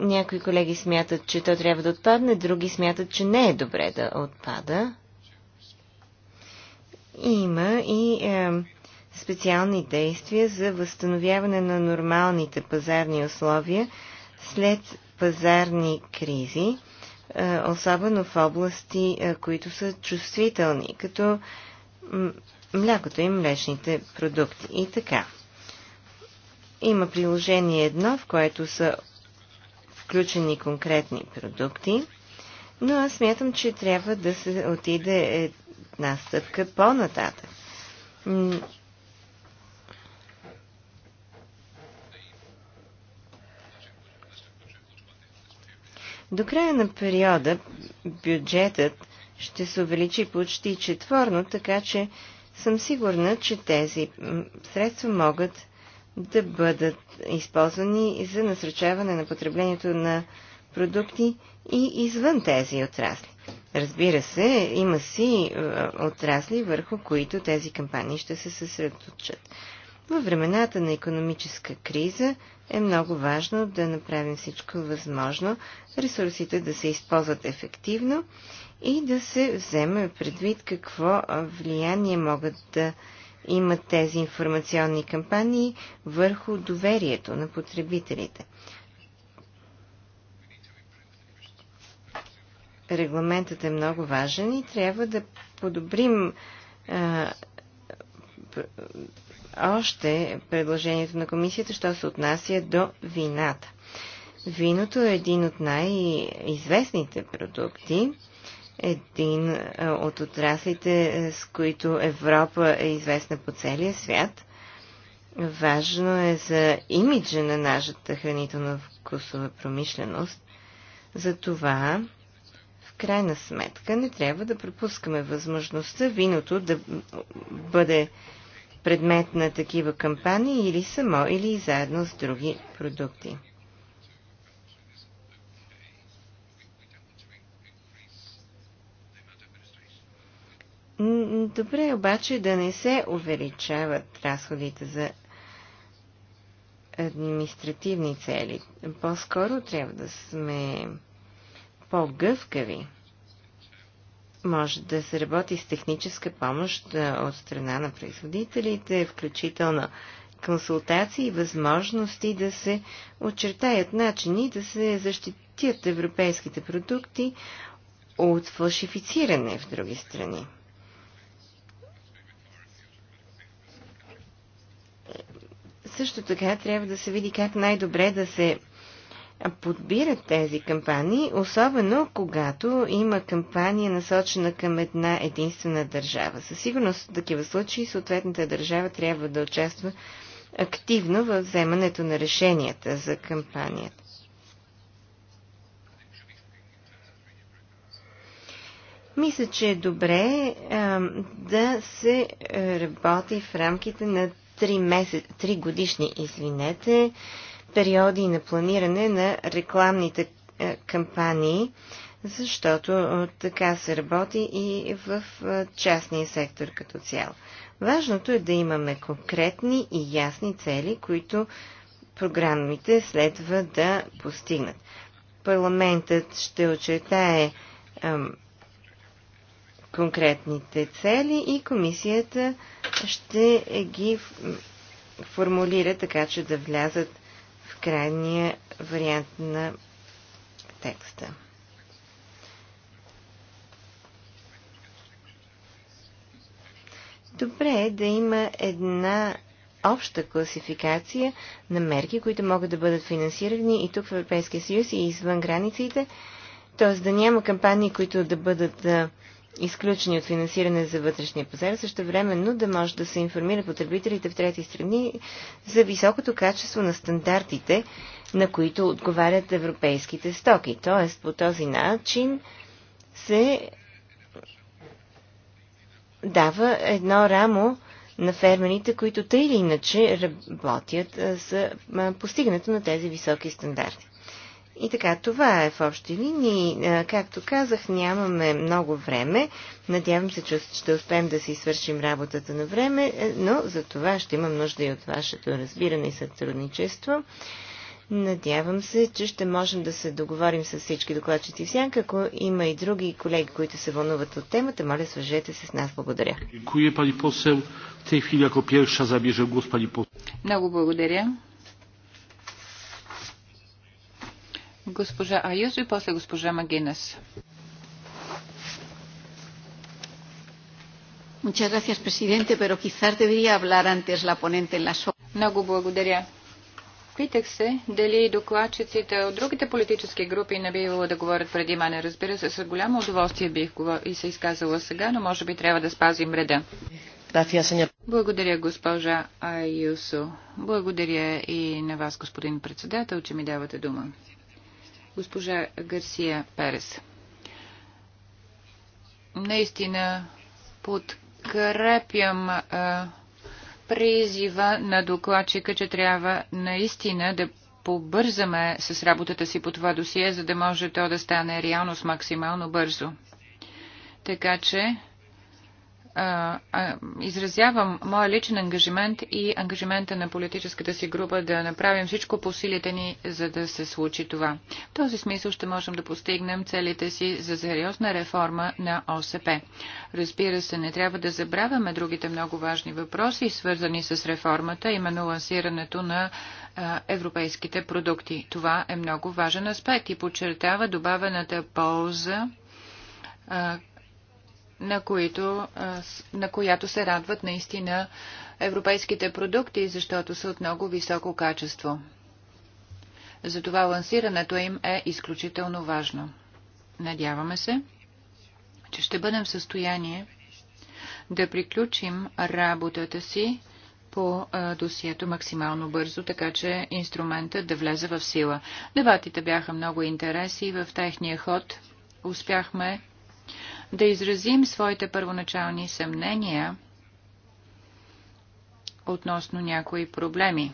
Някои колеги смятат, че то трябва да отпадне, други смятат, че не е добре да отпада. Има и е, специални действия за възстановяване на нормалните пазарни условия след пазарни кризи, е, особено в области, е, които са чувствителни, като млякото и млечните продукти. И така. Има приложение едно, в което са включени конкретни продукти, но аз смятам, че трябва да се отиде е, една стъпка по-нататък. До края на периода бюджетът ще се увеличи почти четворно, така че съм сигурна, че тези средства могат да бъдат използвани за насръчаване на потреблението на продукти и извън тези отрасли. Разбира се, има си е, отрасли, върху които тези кампании ще се съсредоточат. Във времената на економическа криза е много важно да направим всичко възможно, ресурсите да се използват ефективно и да се вземе предвид какво влияние могат да имат тези информационни кампании върху доверието на потребителите. регламентът е много важен и трябва да подобрим а, още предложението на комисията, що се отнася до вината. Виното е един от най-известните продукти, един от отраслите, с които Европа е известна по целия свят. Важно е за имиджа на нашата хранително-вкусова промишленост. Затова крайна сметка не трябва да пропускаме възможността виното да бъде предмет на такива кампании или само, или заедно с други продукти. Добре е обаче да не се увеличават разходите за административни цели. По-скоро трябва да сме по-гъвкави. Може да се работи с техническа помощ от страна на производителите, включително консултации и възможности да се очертаят начини да се защитят европейските продукти от фалшифициране в други страни. Също така трябва да се види как най-добре да се подбират тези кампании, особено когато има кампания насочена към една единствена държава. Със сигурност в такива случаи съответната държава трябва да участва активно в вземането на решенията за кампанията. Мисля, че е добре а, да се работи в рамките на 3, месец, 3 годишни, извинете, а, периоди на планиране на рекламните е, кампании, защото е, така се работи и в е, частния сектор като цяло. Важното е да имаме конкретни и ясни цели, които програмите следва да постигнат. Парламентът ще очертае конкретните цели и комисията ще ги формулира така, че да влязат крайния вариант на текста. Добре е да има една обща класификация на мерки, които могат да бъдат финансирани и тук в Европейския съюз и извън границите, т.е. да няма кампании, които да бъдат изключени от финансиране за вътрешния пазар, също времено да може да се информира потребителите в трети страни за високото качество на стандартите, на които отговарят европейските стоки. Тоест, по този начин се дава едно рамо на фермерите, които тъй или иначе работят за постигането на тези високи стандарти. И така, това е в общи линии. Както казах, нямаме много време. Надявам се, че ще успеем да си свършим работата на време, е, но за това ще имам нужда и от вашето разбиране и сътрудничество. Надявам се, че ще можем да се договорим с всички докладчици в сянка. Ако има и други колеги, които се вълнуват от темата, моля, свържете се с нас. Благодаря. Много благодаря. Госпожа Аюзо и после госпожа Магинес. Muchas gracias, presidente, pero quizás debería hablar antes la ponente en la Много благодаря. Питах се дали докладчиците от другите политически групи не било да говорят преди мене. Разбира се, с голямо удоволствие бих и се изказала сега, но може би трябва да спазим реда. Благодаря, госпожа Айюсо. Благодаря и на вас, господин председател, че ми давате дума. Госпожа Гарсия Перес. Наистина подкрепям а, призива на докладчика, че трябва наистина да побързаме с работата си по това досие, за да може то да стане реалност максимално бързо. Така че а, изразявам моя личен ангажимент и ангажимента на политическата си група да направим всичко по силите ни, за да се случи това. В този смисъл ще можем да постигнем целите си за сериозна реформа на ОСП. Разбира се, не трябва да забравяме другите много важни въпроси, свързани с реформата, именно лансирането на европейските продукти. Това е много важен аспект и подчертава добавената полза на, които, на която се радват наистина европейските продукти, защото са от много високо качество. Затова лансирането им е изключително важно. Надяваме се, че ще бъдем в състояние да приключим работата си по досието максимално бързо, така че инструментът да влезе в сила. Дебатите бяха много интереси и в техния ход успяхме да изразим своите първоначални съмнения относно някои проблеми.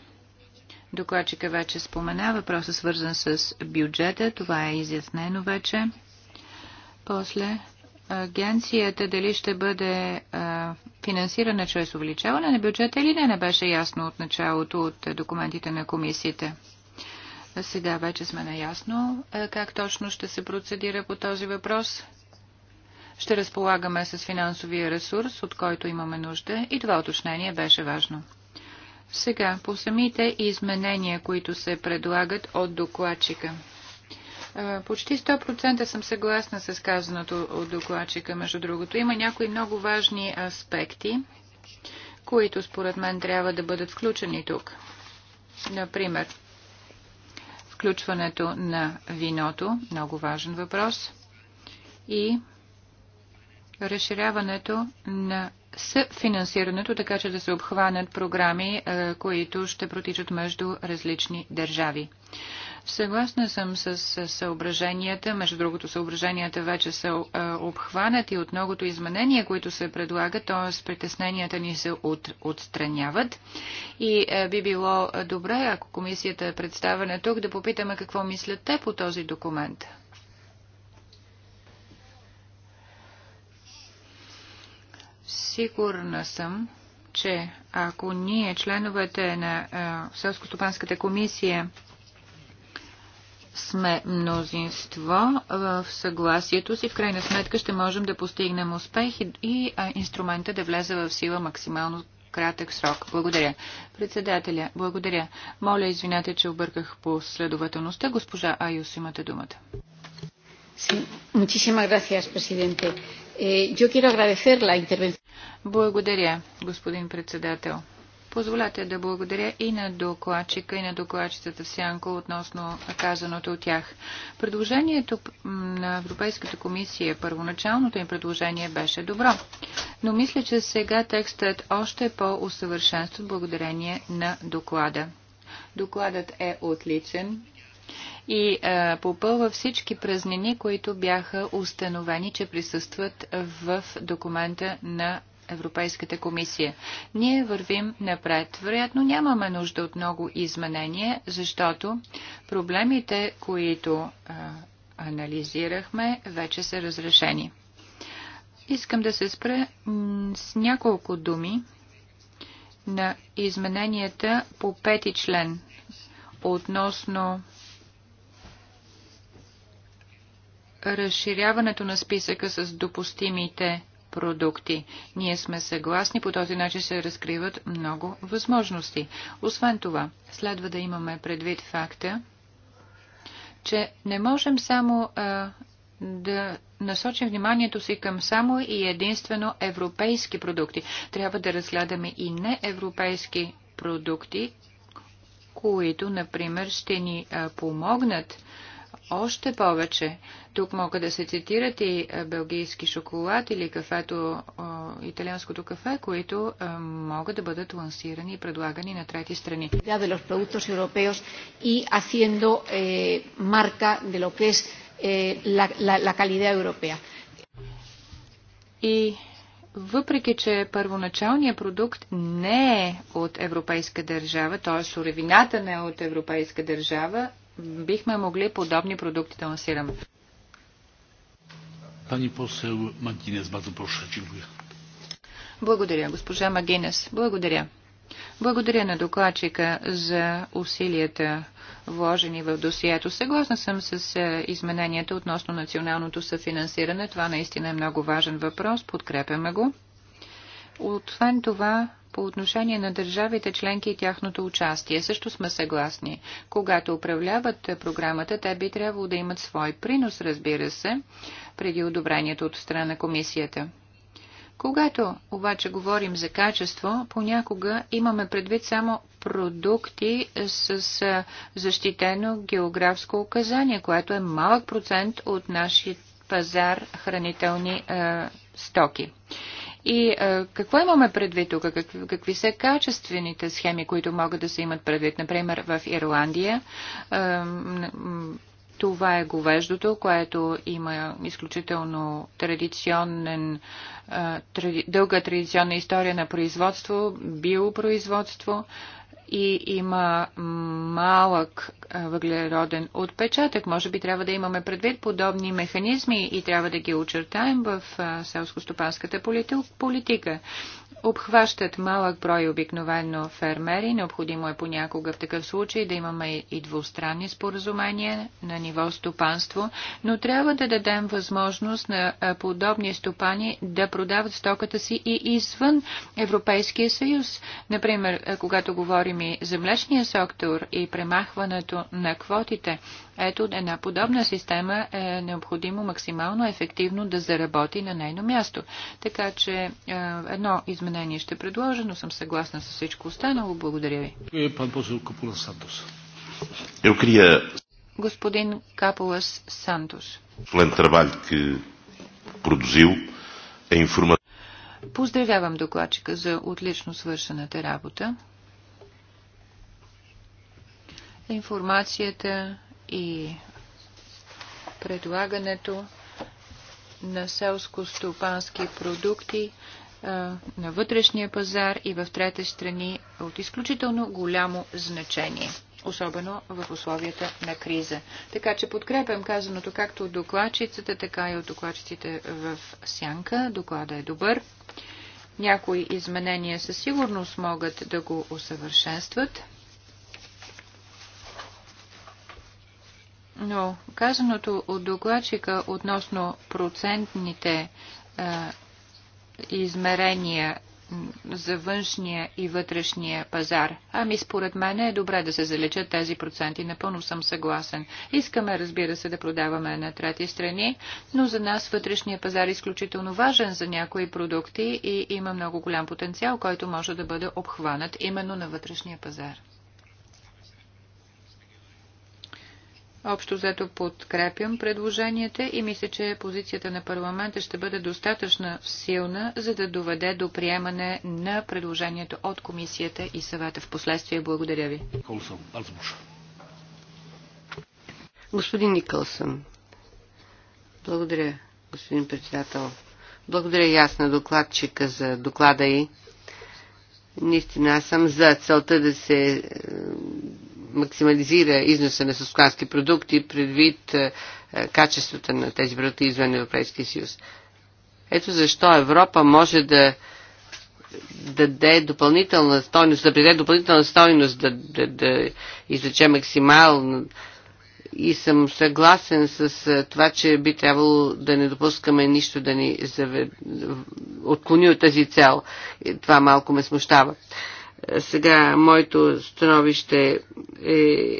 Докладчика вече спомена въпроса свързан с бюджета. Това е изяснено вече. После агенцията дали ще бъде а, финансирана чрез увеличаване на бюджета или не, не беше ясно от началото от документите на комисиите. Сега вече сме наясно как точно ще се процедира по този въпрос ще разполагаме с финансовия ресурс, от който имаме нужда и това уточнение беше важно. Сега, по самите изменения, които се предлагат от докладчика. Почти 100% съм съгласна с казаното от докладчика, между другото. Има някои много важни аспекти, които според мен трябва да бъдат включени тук. Например, включването на виното, много важен въпрос, и разширяването на съфинансирането, така че да се обхванат програми, е, които ще протичат между различни държави. Съгласна съм с съображенията. Между другото, съображенията вече са е, обхванати от многото изменения, които се предлагат, т.е. притесненията ни се от, отстраняват. И е, би било добре, ако комисията е представена тук, да попитаме какво мислят те по този документ. Сигурна съм, че ако ние, членовете на Селско-стопанската комисия, сме мнозинство в съгласието си, в крайна сметка ще можем да постигнем успех и, и а, инструмента да влезе в сила максимално кратък срок. Благодаря. Председателя, благодаря. Моля, извинете, че обърках последователността. Госпожа Айос, имате думата. Eh, благодаря, господин председател. Позволете да благодаря и на докладчика, и на докладчицата Сянко относно казаното от тях. Предложението на Европейската комисия, първоначалното им предложение беше добро, но мисля, че сега текстът още е по-усъвършенстван благодарение на доклада. Докладът е отличен, и а, е, попълва всички празнини, които бяха установени, че присъстват в документа на Европейската комисия. Ние вървим напред. Вероятно нямаме нужда от много изменения, защото проблемите, които а, е, анализирахме, вече са разрешени. Искам да се спра с няколко думи на измененията по пети член относно разширяването на списъка с допустимите продукти. Ние сме съгласни, по този начин се разкриват много възможности. Освен това, следва да имаме предвид факта, че не можем само а, да насочим вниманието си към само и единствено европейски продукти. Трябва да разгледаме и неевропейски продукти, които, например, ще ни а, помогнат още повече. Тук мога да се цитират и белгийски шоколад или кафето, италианското кафе, които могат да бъдат лансирани и предлагани на трети страни. de los productos europeos y haciendo eh, marca de lo que es eh, la, la, la calidad europea. И въпреки, че първоначалният продукт не е от европейска държава, т.е. суровината не е от европейска държава, бихме могли подобни продукти да лансираме. Pani poseł Magines, Благодаря, госпожа Магинес. Благодаря. Благодаря на докладчика за усилията, вложени в досието. Съгласна съм с е, измененията относно националното съфинансиране. Това наистина е много важен въпрос. Подкрепяме го. Освен това, по отношение на държавите членки и тяхното участие. Също сме съгласни. Когато управляват програмата, те би трябвало да имат свой принос, разбира се, преди одобрението от страна на комисията. Когато обаче говорим за качество, понякога имаме предвид само продукти с защитено географско указание, което е малък процент от нашия пазар хранителни е, стоки. И а, какво имаме предвид тук? Как, какви са качествените схеми, които могат да се имат предвид? Например, в Ирландия а, това е говеждото, което има изключително традиционен, дълга традиционна история на производство, биопроизводство и има малък въглероден отпечатък. Може би трябва да имаме предвид подобни механизми и трябва да ги очертаем в селско-стопанската политика обхващат малък брой обикновено фермери. Необходимо е понякога в такъв случай да имаме и двустранни споразумения на ниво стопанство, но трябва да дадем възможност на подобни стопани да продават стоката си и извън Европейския съюз. Например, когато говорим и за млечния сектор и премахването на квотите, ето, една подобна система е необходимо максимално ефективно да заработи на нейно място. Така че е, едно изменение ще предложа, но съм съгласна с всичко останало. Благодаря ви. Е, е, Господин Капулас Сантос. Поздравявам докладчика за отлично свършената работа. Информацията и предлагането на селско-стопански продукти на вътрешния пазар и в трети страни от изключително голямо значение, особено в условията на криза. Така че подкрепям казаното както от докладчицата, така и от докладчиците в Сянка. Доклада е добър. Някои изменения със сигурност могат да го усъвършенстват. Но казаното от докладчика относно процентните е, измерения за външния и вътрешния пазар. Ами според мен е добре да се залечат тези проценти, напълно съм съгласен. Искаме, разбира се, да продаваме на трети страни, но за нас вътрешния пазар е изключително важен за някои продукти и има много голям потенциал, който може да бъде обхванат именно на вътрешния пазар. Общо взето подкрепям предложенията и мисля, че позицията на парламента ще бъде достатъчно силна, за да доведе до приемане на предложението от комисията и съвета. В последствие благодаря ви. Господин Никълсън, благодаря, господин председател. Благодаря и аз на докладчика за доклада и. Наистина аз съм за целта да се максимализира износа на сускански продукти предвид е, е, качеството на тези продукти извън Европейския съюз. Ето защо Европа може да даде допълнителна стойност, да приде допълнителна стойност, да, да, да излече максимално и съм съгласен с е, това, че би трябвало да не допускаме нищо да ни завед... отклони от тази цел. Това малко ме смущава. Сега моето становище е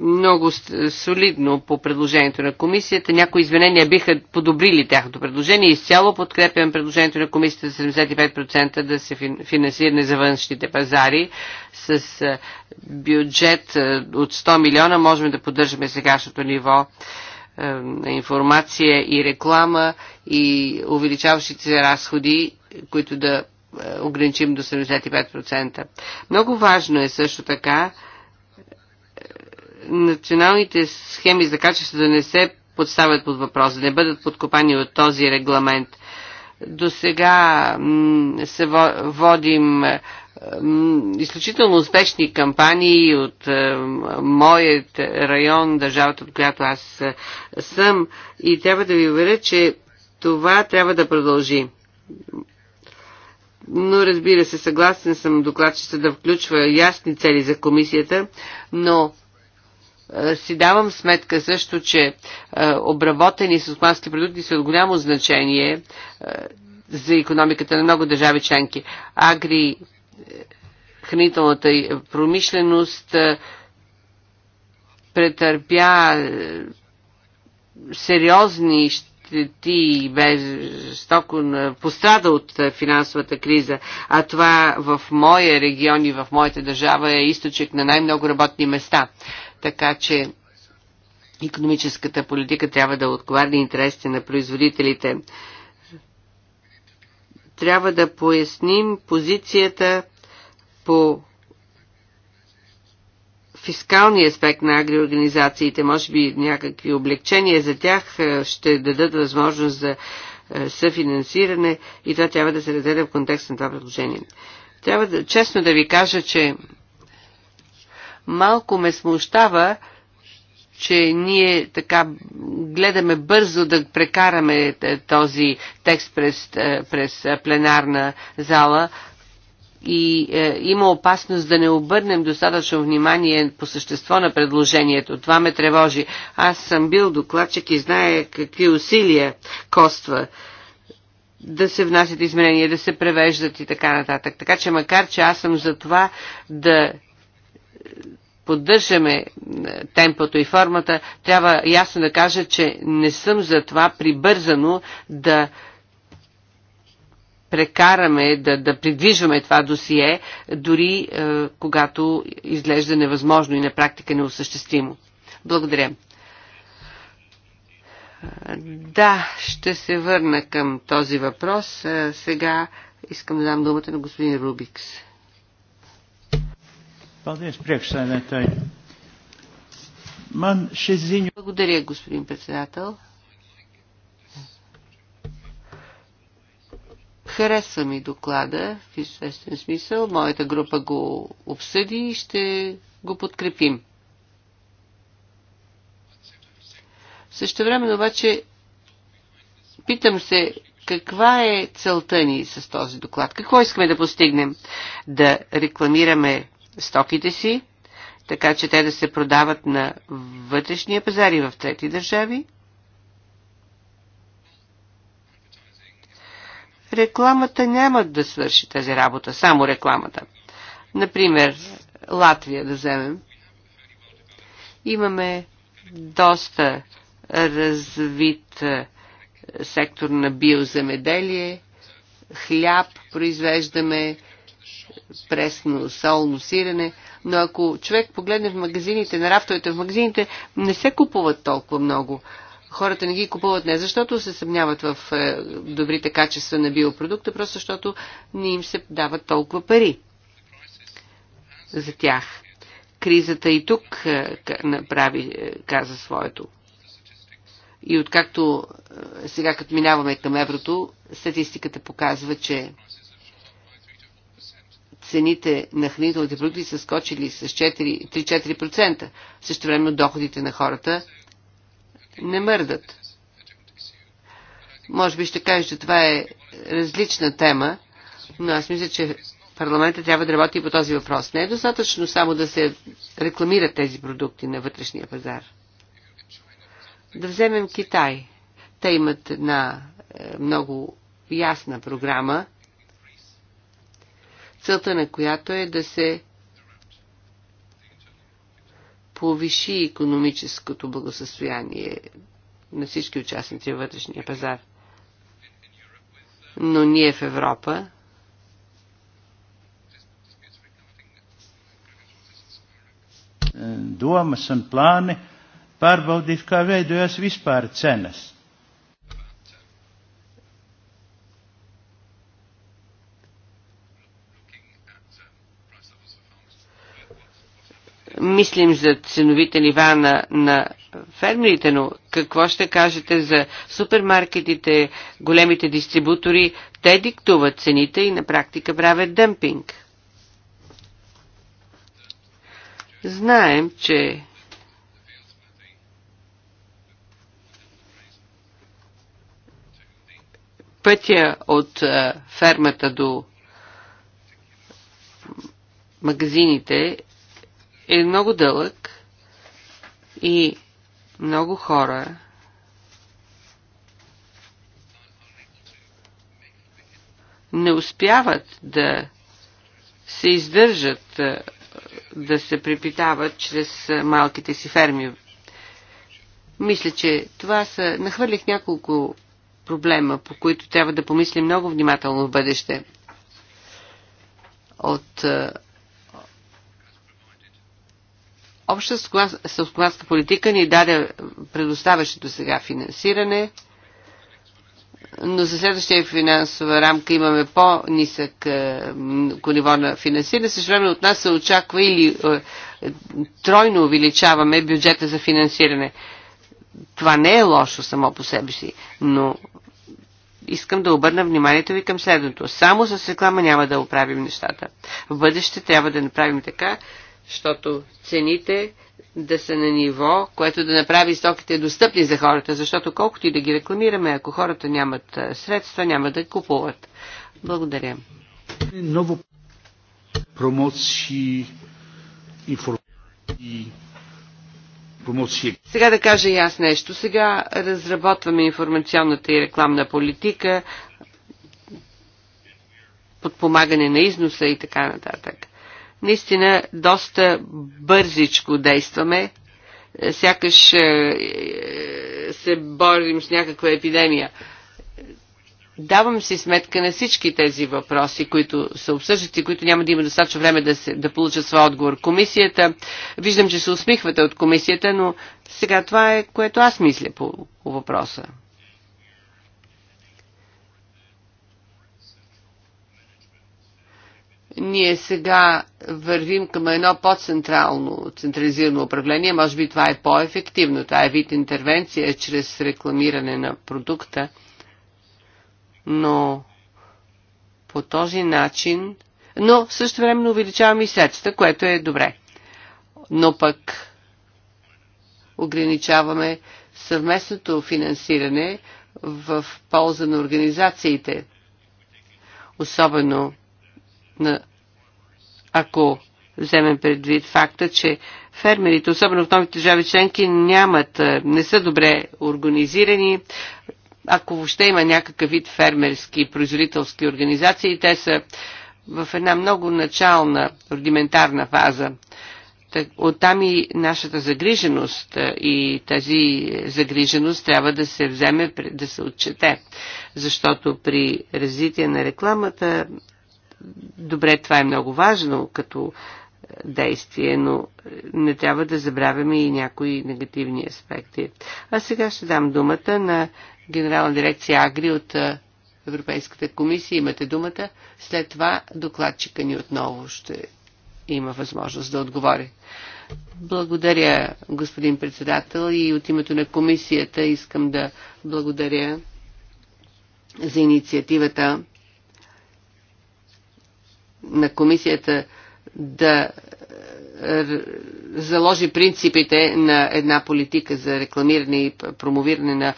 много солидно по предложението на комисията. Някои извинения биха подобрили тяхното предложение. Изцяло подкрепям предложението на комисията за 75% да се финансиране за външните пазари. С бюджет от 100 милиона можем да поддържаме сегашното ниво на информация и реклама и увеличаващите се разходи, които да е, ограничим до 75%. Много важно е също така е, националните схеми за качество да не се подставят под въпрос, да не бъдат подкопани от този регламент. До сега се водим е, изключително успешни кампании от моят район, държавата, от която аз съм и трябва да ви уверя, че това трябва да продължи но разбира се, съгласен съм докладчета да включва ясни цели за комисията, но си давам сметка също, че обработени с османски продукти са от голямо значение за економиката на много държави членки. Агри, е, хранителната промишленост претърпя е, сериозни ти бе Стокон пострада от е, финансовата криза, а това в моя регион и в моята държава е източник на най-много работни места. Така че економическата политика трябва да отговаря интересите на производителите. Трябва да поясним позицията по фискалния аспект на агриорганизациите, може би някакви облегчения за тях е, ще дадат възможност за е, съфинансиране и това трябва да се разгледа в контекст на това предложение. Трябва да, честно да ви кажа, че малко ме смущава, че ние така гледаме бързо да прекараме този текст през, е, през пленарна зала, и е, има опасност да не обърнем достатъчно внимание по същество на предложението. Това ме тревожи. Аз съм бил докладчик и знае какви усилия коства да се внасят изменения, да се превеждат и така нататък. Така че макар, че аз съм за това да поддържаме е, темпото и формата, трябва ясно да кажа, че не съм за това прибързано да прекараме, да, да придвижваме това досие, дори е, когато изглежда невъзможно и на практика неосъществимо. Благодаря. Да, ще се върна към този въпрос. Е, сега искам да дам думата на господин Рубикс. Благодаря, господин председател. Харесва ми доклада в известен смисъл. Моята група го обсъди и ще го подкрепим. Също време обаче питам се каква е целта ни с този доклад? Какво искаме да постигнем? Да рекламираме стоките си, така че те да се продават на вътрешния пазар и в трети държави? Рекламата няма да свърши тази работа, само рекламата. Например, Латвия да вземем. Имаме доста развит е, сектор на биоземеделие, хляб произвеждаме, пресно, солно сирене, но ако човек погледне в магазините, на рафтовете в магазините, не се купуват толкова много хората не ги купуват не защото се съмняват в е, добрите качества на биопродукта, просто защото не им се дават толкова пари за тях. Кризата и тук е, направи, е, каза своето. И откакто сега като минаваме към еврото, статистиката показва, че цените на хранителните продукти са скочили с 3-4%. Също време доходите на хората не мърдат. Може би ще кажа, че това е различна тема, но аз мисля, че парламента трябва да работи по този въпрос. Не е достатъчно само да се рекламират тези продукти на вътрешния пазар. Да вземем Китай. Те имат една е, много ясна програма, целта на която е да се повиши економическото благосъстояние на всички участници в вътрешния пазар. Но ние в Европа domas un plāni pārbaudīt, kā veidojas vispār cenas. мислим за ценовите нива на, на фермерите, но какво ще кажете за супермаркетите, големите дистрибутори? Те диктуват цените и на практика правят дъмпинг. Знаем, че пътя от фермата до магазините е много дълъг и много хора не успяват да се издържат, да се припитават чрез малките си ферми. Мисля, че това са... Нахвърлих няколко проблема, по които трябва да помислим много внимателно в бъдеще. От Обща селскостопанска политика ни даде предоставящето сега финансиране, но за следващия финансова рамка имаме по-нисък е, ниво на финансиране. Също време от нас се очаква или е, тройно увеличаваме бюджета за финансиране. Това не е лошо само по себе си, но искам да обърна вниманието ви към следното. Само с реклама няма да оправим нещата. В бъдеще трябва да направим така, защото цените да са на ниво, което да направи стоките достъпни за хората, защото колкото и да ги рекламираме, ако хората нямат средства, няма да купуват. Благодаря. Ново промоции, информации, Сега да кажа и аз нещо. Сега разработваме информационната и рекламна политика, подпомагане на износа и така нататък Наистина доста бързичко действаме, е, сякаш е, е, се борим с някаква епидемия. Давам си сметка на всички тези въпроси, които се обсъждат и които няма да има достатъчно време да, се, да получат своя отговор. Комисията, виждам, че се усмихвате от комисията, но сега това е което аз мисля по, по въпроса. Ние сега вървим към едно по-централно, централизирано управление. Може би това е по-ефективно. Това е вид интервенция чрез рекламиране на продукта. Но по този начин, но също време увеличаваме и средствата, което е добре. Но пък ограничаваме съвместното финансиране в полза на организациите. Особено ако вземем предвид факта, че фермерите, особено в новите държави членки, нямат, не са добре организирани. Ако въобще има някакъв вид фермерски, производителски организации, те са в една много начална, рудиментарна фаза. Оттам и нашата загриженост и тази загриженост трябва да се вземе, да се отчете, защото при развитие на рекламата добре, това е много важно като действие, но не трябва да забравяме и някои негативни аспекти. А сега ще дам думата на Генерална дирекция Агри от Европейската комисия. Имате думата. След това докладчика ни отново ще има възможност да отговори. Благодаря, господин председател, и от името на комисията искам да благодаря за инициативата на комисията да е, заложи принципите на една политика за рекламиране и промовиране на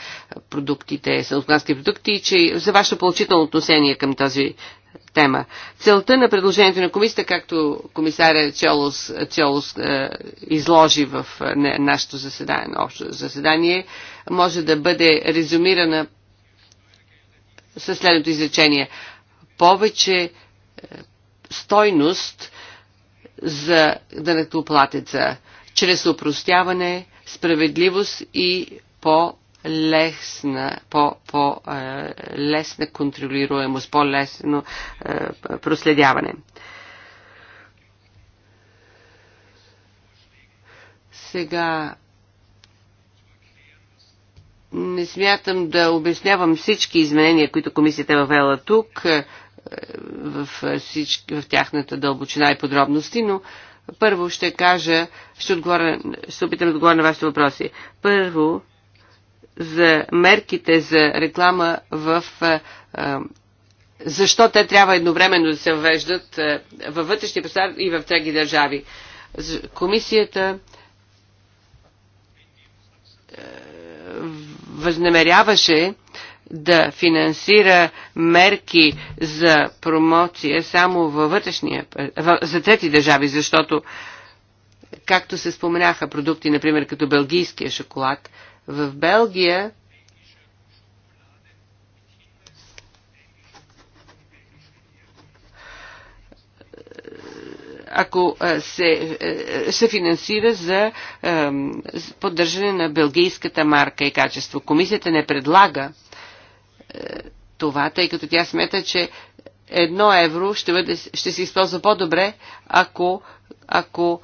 продуктите, селскостопански продукти и че за вашето положително отношение към тази тема. Целта на предложението на комисията, както комисаря Чолос, Чолос е, изложи в не, нашето заседание, на общо заседание, може да бъде резюмирана със следното изречение. Повече е, стойност за данъкоплатеца чрез упростяване, справедливост и по лесна, по-лесна по, е, контролируемост, по-лесно е, проследяване. Сега не смятам да обяснявам всички изменения, които комисията е въвела тук в, всички, в тяхната дълбочина и подробности, но първо ще кажа, ще, отговоря, ще опитам да отговоря на вашите въпроси. Първо, за мерките за реклама в защо те трябва едновременно да се въвеждат във вътрешния пазар и в трети държави. Комисията възнамеряваше да финансира мерки за промоция само във вътрешния, за трети държави, защото, както се споменаха продукти, например, като белгийския шоколад, в Белгия ако се, се финансира за поддържане на белгийската марка и качество. Комисията не предлага това, тъй като тя смята, че едно евро ще, бъде, ще се използва по-добре, ако, ако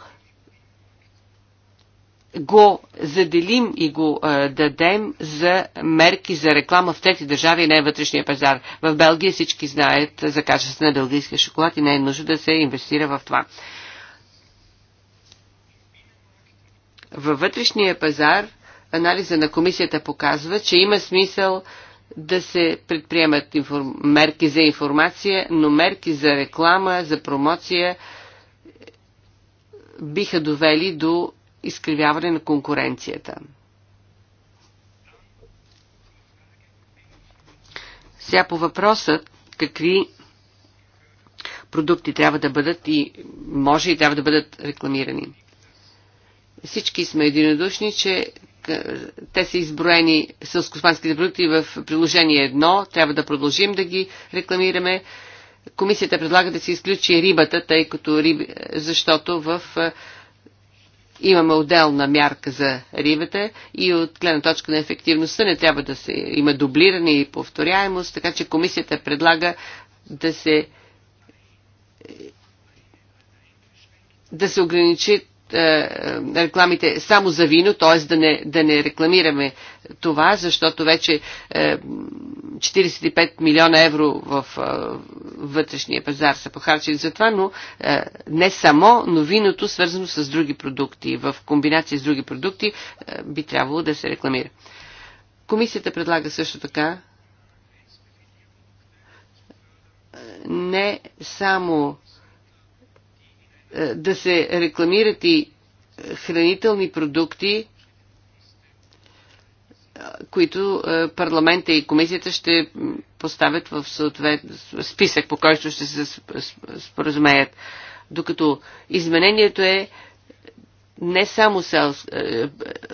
го заделим и го а, дадем за мерки за реклама в трети държави и не вътрешния пазар. В Белгия всички знаят за качество на белгийския шоколад и не е нужно да се инвестира в това. Във вътрешния пазар анализа на комисията показва, че има смисъл а, да се предприемат информ... мерки за информация, но мерки за реклама, за промоция биха довели до изкривяване на конкуренцията. Сега по въпросът какви продукти трябва да бъдат и може и трябва да бъдат рекламирани. Всички сме единодушни, че е, те са изброени сълскоспанските продукти в приложение 1. Трябва да продължим да ги рекламираме. Комисията предлага да се изключи рибата, тъй като риб... Е, защото в е, имаме отделна мярка за рибата и от гледна точка на ефективността не трябва да се има дублиране и повторяемост, така че комисията предлага да се да се ограничи е, рекламите само за вино, т.е. Да не, да не рекламираме това, защото вече 45 е, милиона евро в е, вътрешния пазар са похарчени за това, но не само, но виното свързано с други продукти, в комбинация с други продукти би трябвало да се рекламира. Комисията предлага също така не само е, да се рекламират и хранителни продукти, е, които е, парламента и комисията ще поставят в съответ списък, по който ще се споразумеят. Докато изменението е не само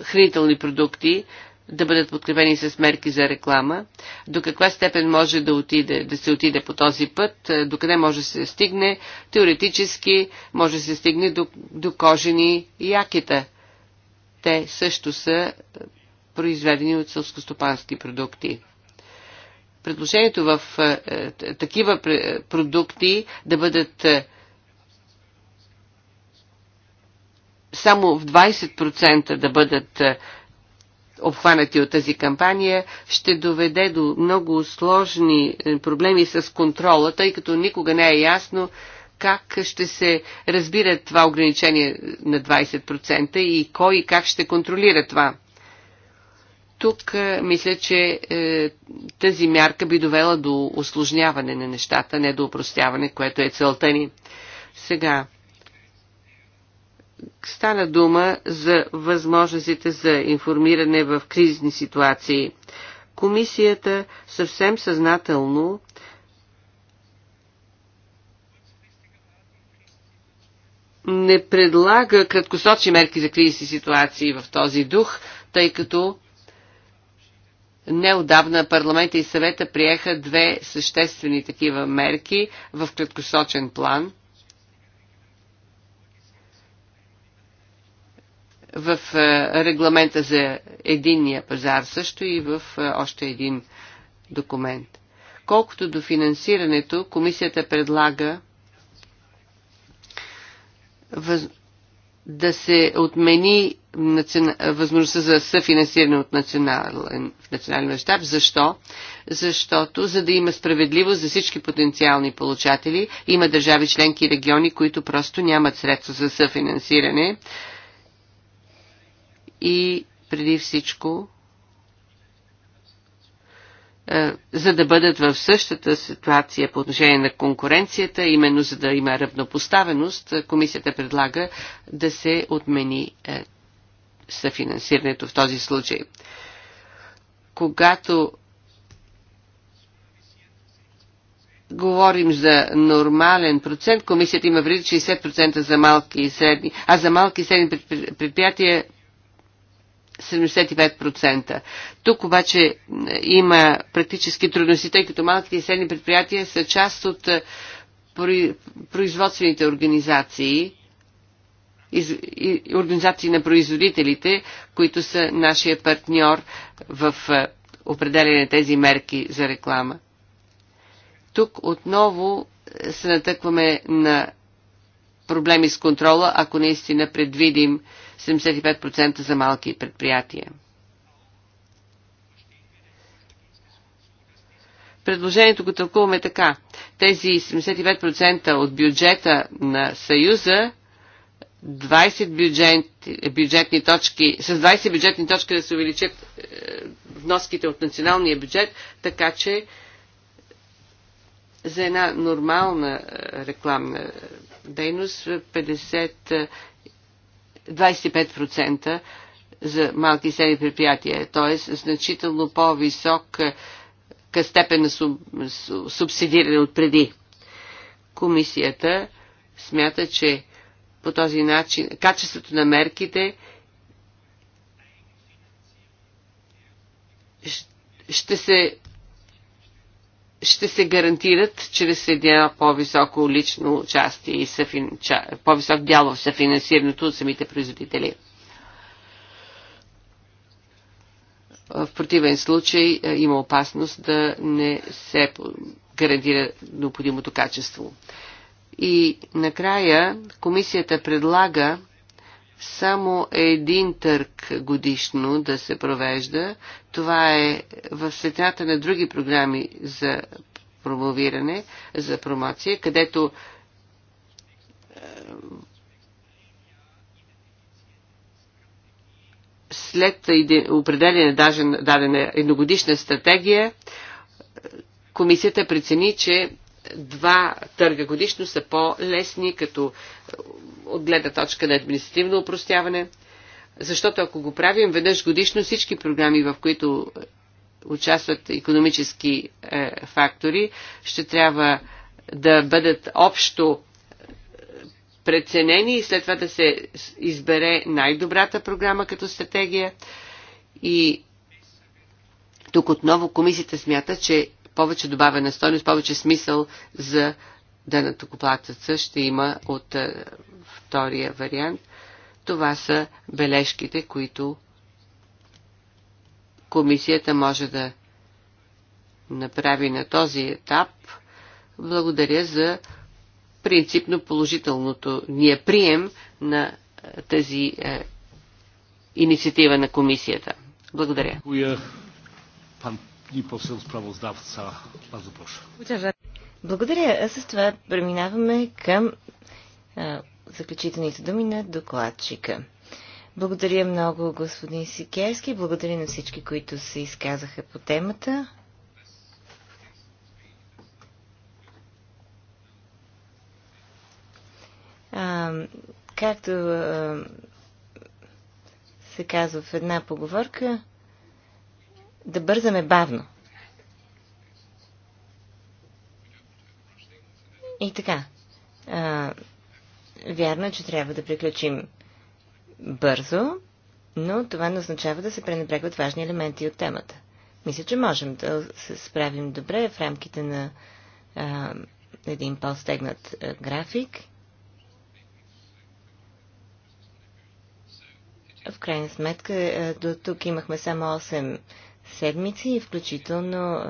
хранителни продукти, да бъдат подкрепени с мерки за реклама. До каква степен може да, отиде, да се отиде по този път, е, до къде може да се стигне, теоретически може да се стигне до, до кожени якета. Те също са е, произведени от сълскостопански продукти. Предложението в е, е такива продукти да бъдат е, само в 20% да бъдат обхванати от тази кампания, ще доведе до много сложни е, проблеми с контрола, тъй като никога не е ясно как ще се разбира това ограничение на 20% и кой и как ще контролира това. Тук е, мисля, че е, тази мярка би довела до осложняване на нещата, не до упростяване, което е целта ни. Сега, стана дума за възможностите за информиране в кризисни ситуации. Комисията съвсем съзнателно не предлага краткосрочни мерки за кризисни ситуации в този дух, тъй като неодавна парламента и съвета приеха две съществени такива мерки в краткосрочен план. в е, регламента за единния пазар също и в е, още един документ. Колкото до финансирането, комисията предлага да се отмени възможността за съфинансиране от национален, в национален мащаб. Защо? Защото, за да има справедливост за всички потенциални получатели, има държави членки и региони, които просто нямат средства за съфинансиране и преди всичко е, за да бъдат в същата ситуация по отношение на конкуренцията, именно за да има равнопоставеност, комисията предлага да се отмени е, съфинансирането в този случай. Когато говорим за нормален процент, комисията има вреди 60% за малки и средни, а за малки и средни предприятия 75%. Тук обаче е, има практически трудности, тъй като малките и средни предприятия са част от е, производствените организации, организации на производителите, които са нашия партньор в е, определене тези мерки за реклама. Тук отново се натъкваме на проблеми с контрола, ако наистина предвидим 75% за малки предприятия. Предложението го тълкуваме така. Тези 75% от бюджета на Съюза 20 бюджет, бюджетни точки, с 20 бюджетни точки да се увеличат е, вноските от националния бюджет, така че за една нормална е, рекламна дейност 50, 25% е, за малки и средни предприятия, т.е. значително по-висок е, степен на субсидиране от преди. Комисията смята, че по този начин качеството на мерките ще се ще се гарантират чрез едно по-високо лично участие и съфин... по-висок дял в съфинансирането от самите производители. В противен случай е, има опасност да не се гарантира необходимото качество. И накрая комисията предлага само един търг годишно да се провежда. Това е в светлината на други програми за промовиране, за промоция, където е, след определене дадена едногодишна стратегия, комисията прецени, че два търга годишно са по-лесни, като е, от гледна точка на административно упростяване, защото ако го правим веднъж годишно, всички програми, в които участват економически е, фактори, ще трябва да бъдат общо е, преценени и след това да се избере най-добрата програма като стратегия. И тук отново комисията смята, че повече добавена стойност, повече смисъл за дънатокоплатеца ще има от е, втория вариант. Това са бележките, които комисията може да направи на този етап. Благодаря за принципно положителното ние прием на е, тази е, инициатива на комисията. Благодаря и посел справоздавца. Бързо прошу. Благодаря. А с това преминаваме към а, заключителните думи на докладчика. Благодаря много, господин Сикерски. Благодаря на всички, които се изказаха по темата. А, както а, се казва в една поговорка, да бързаме бавно. И така. А, вярно е, че трябва да приключим бързо, но това не означава да се пренебрегват важни елементи от темата. Мисля, че можем да се справим добре в рамките на а, един по-стегнат график. В крайна сметка, до тук имахме само 8 седмици и включително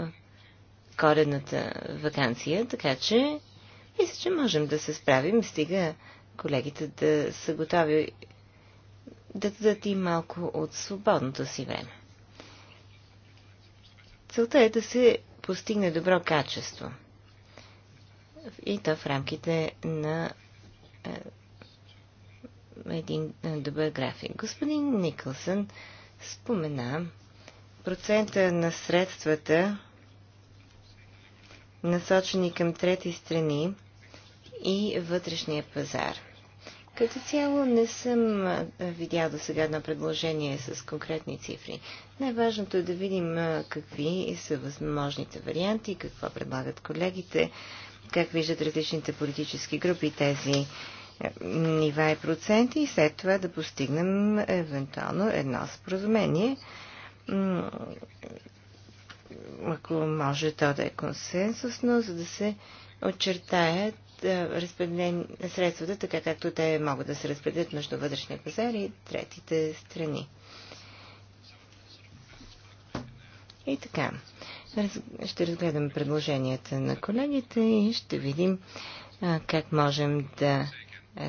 коренната вакансия, така че мисля, че можем да се справим, стига колегите да са готови да дадат и малко от свободното си време. Целта е да се постигне добро качество. И то в рамките на един добър график. Господин Никълсън спомена процента на средствата, насочени към трети страни и вътрешния пазар. Като цяло не съм видял до сега едно предложение с конкретни цифри. Най-важното е да видим какви са възможните варианти, какво предлагат колегите, как виждат различните политически групи тези нива и проценти и след това да постигнем евентуално едно споразумение, ако може то да е консенсусно, за да се очертаят средствата, така както те могат да се разпределят между вътрешния пазар и третите страни. И така, раз... ще разгледам предложенията на колегите и ще видим а, как можем да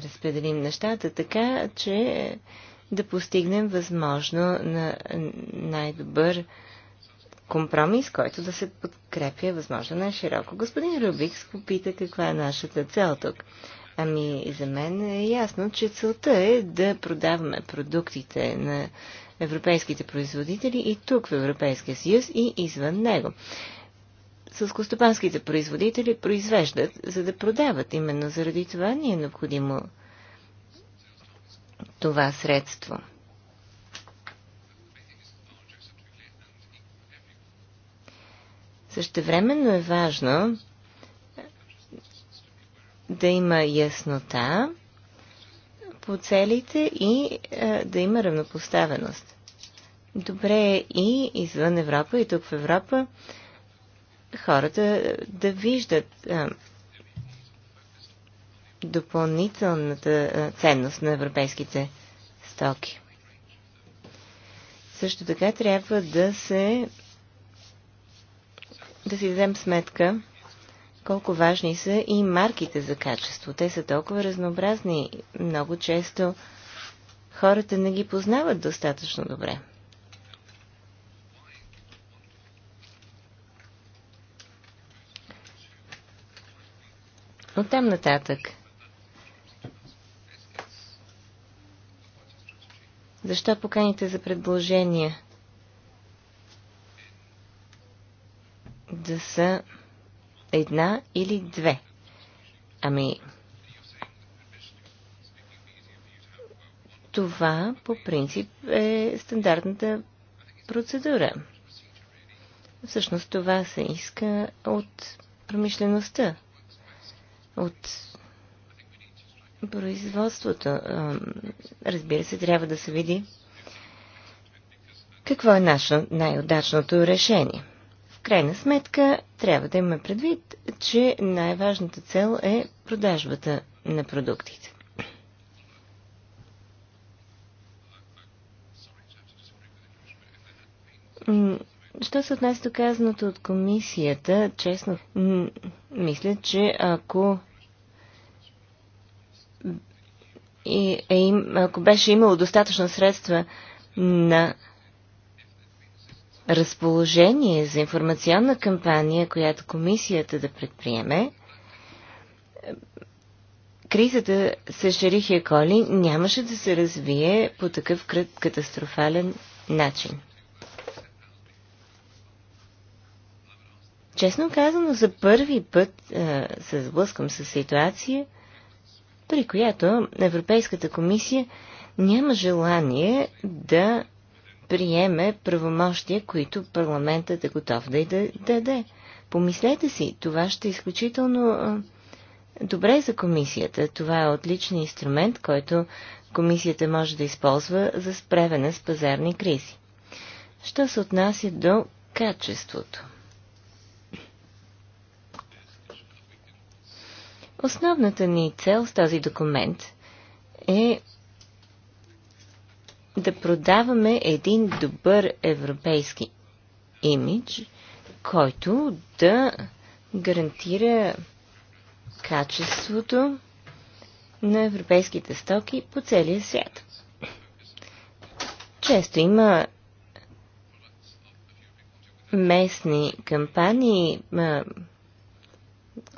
разпределим нещата така, че да постигнем възможно на най-добър компромис, който да се подкрепя възможно най-широко. Господин Рубикс попита каква е нашата цел тук. Ами, за мен е ясно, че целта е да продаваме продуктите на европейските производители и тук в Европейския съюз и извън него. Сълскостопанските производители произвеждат, за да продават. Именно заради това ни е необходимо това средство. Същевременно е важно да има яснота по целите и е, да има равнопоставеност. Добре е и извън Европа, и тук в Европа хората да виждат е, допълнителната ценност на европейските стоки. Също така трябва да се да си дадем сметка колко важни са и марките за качество. Те са толкова разнообразни, много често хората не ги познават достатъчно добре. Оттам нататък – Защо поканите за предложения да са една или две? Ами, това по принцип е стандартната процедура. Всъщност това се иска от промишлеността, от производството. Разбира се, трябва да се види какво е наше най-удачното решение. В крайна сметка, трябва да имаме предвид, че най-важната цел е продажбата на продуктите. Що се отнася до казаното от комисията, честно, мисля, че ако и е им, ако беше имало достатъчно средства на разположение за информационна кампания, която комисията да предприеме, кризата с Шерихия Коли нямаше да се развие по такъв катастрофален начин. Честно казано, за първи път а, се сблъскам с ситуация – при която Европейската комисия няма желание да приеме правомощия, които парламентът е готов да й да даде. Помислете си, това ще е изключително добре за комисията. Това е отличен инструмент, който комисията може да използва за справяне с пазарни кризи. Що се отнася до качеството? Основната ни цел с този документ е да продаваме един добър европейски имидж, който да гарантира качеството на европейските стоки по целия свят. Често има местни кампании,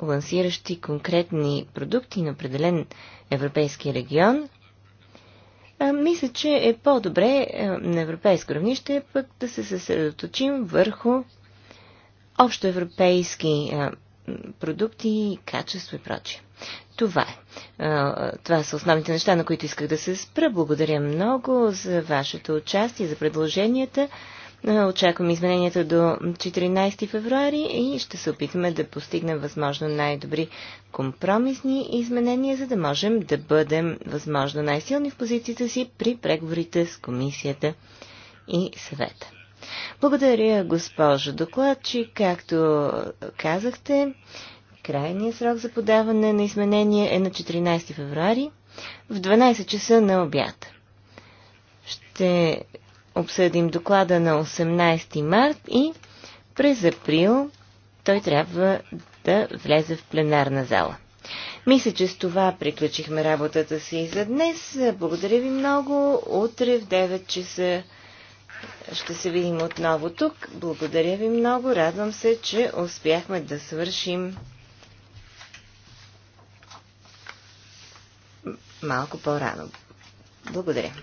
лансиращи конкретни продукти на определен европейски регион, мисля, че е по-добре на европейско равнище пък да се съсредоточим върху общоевропейски продукти, качество и прочие. Това е. Това са основните неща, на които исках да се спра. Благодаря много за вашето участие, за предложенията. Е, Очаквам изменението до 14 февруари и ще се опитаме да постигнем възможно най-добри компромисни изменения, за да можем да бъдем възможно най-силни в позицията си при преговорите с комисията и съвета. Благодаря, госпожо докладчи. Както казахте, крайният срок за подаване на изменения е на 14 февруари в 12 часа на обяд. Ще обсъдим доклада на 18 март и през април той трябва да влезе в пленарна зала. Мисля, че с това приключихме работата си за днес. Благодаря ви много. Утре в 9 часа ще се видим отново тук. Благодаря ви много. Радвам се, че успяхме да свършим малко по-рано. Благодаря.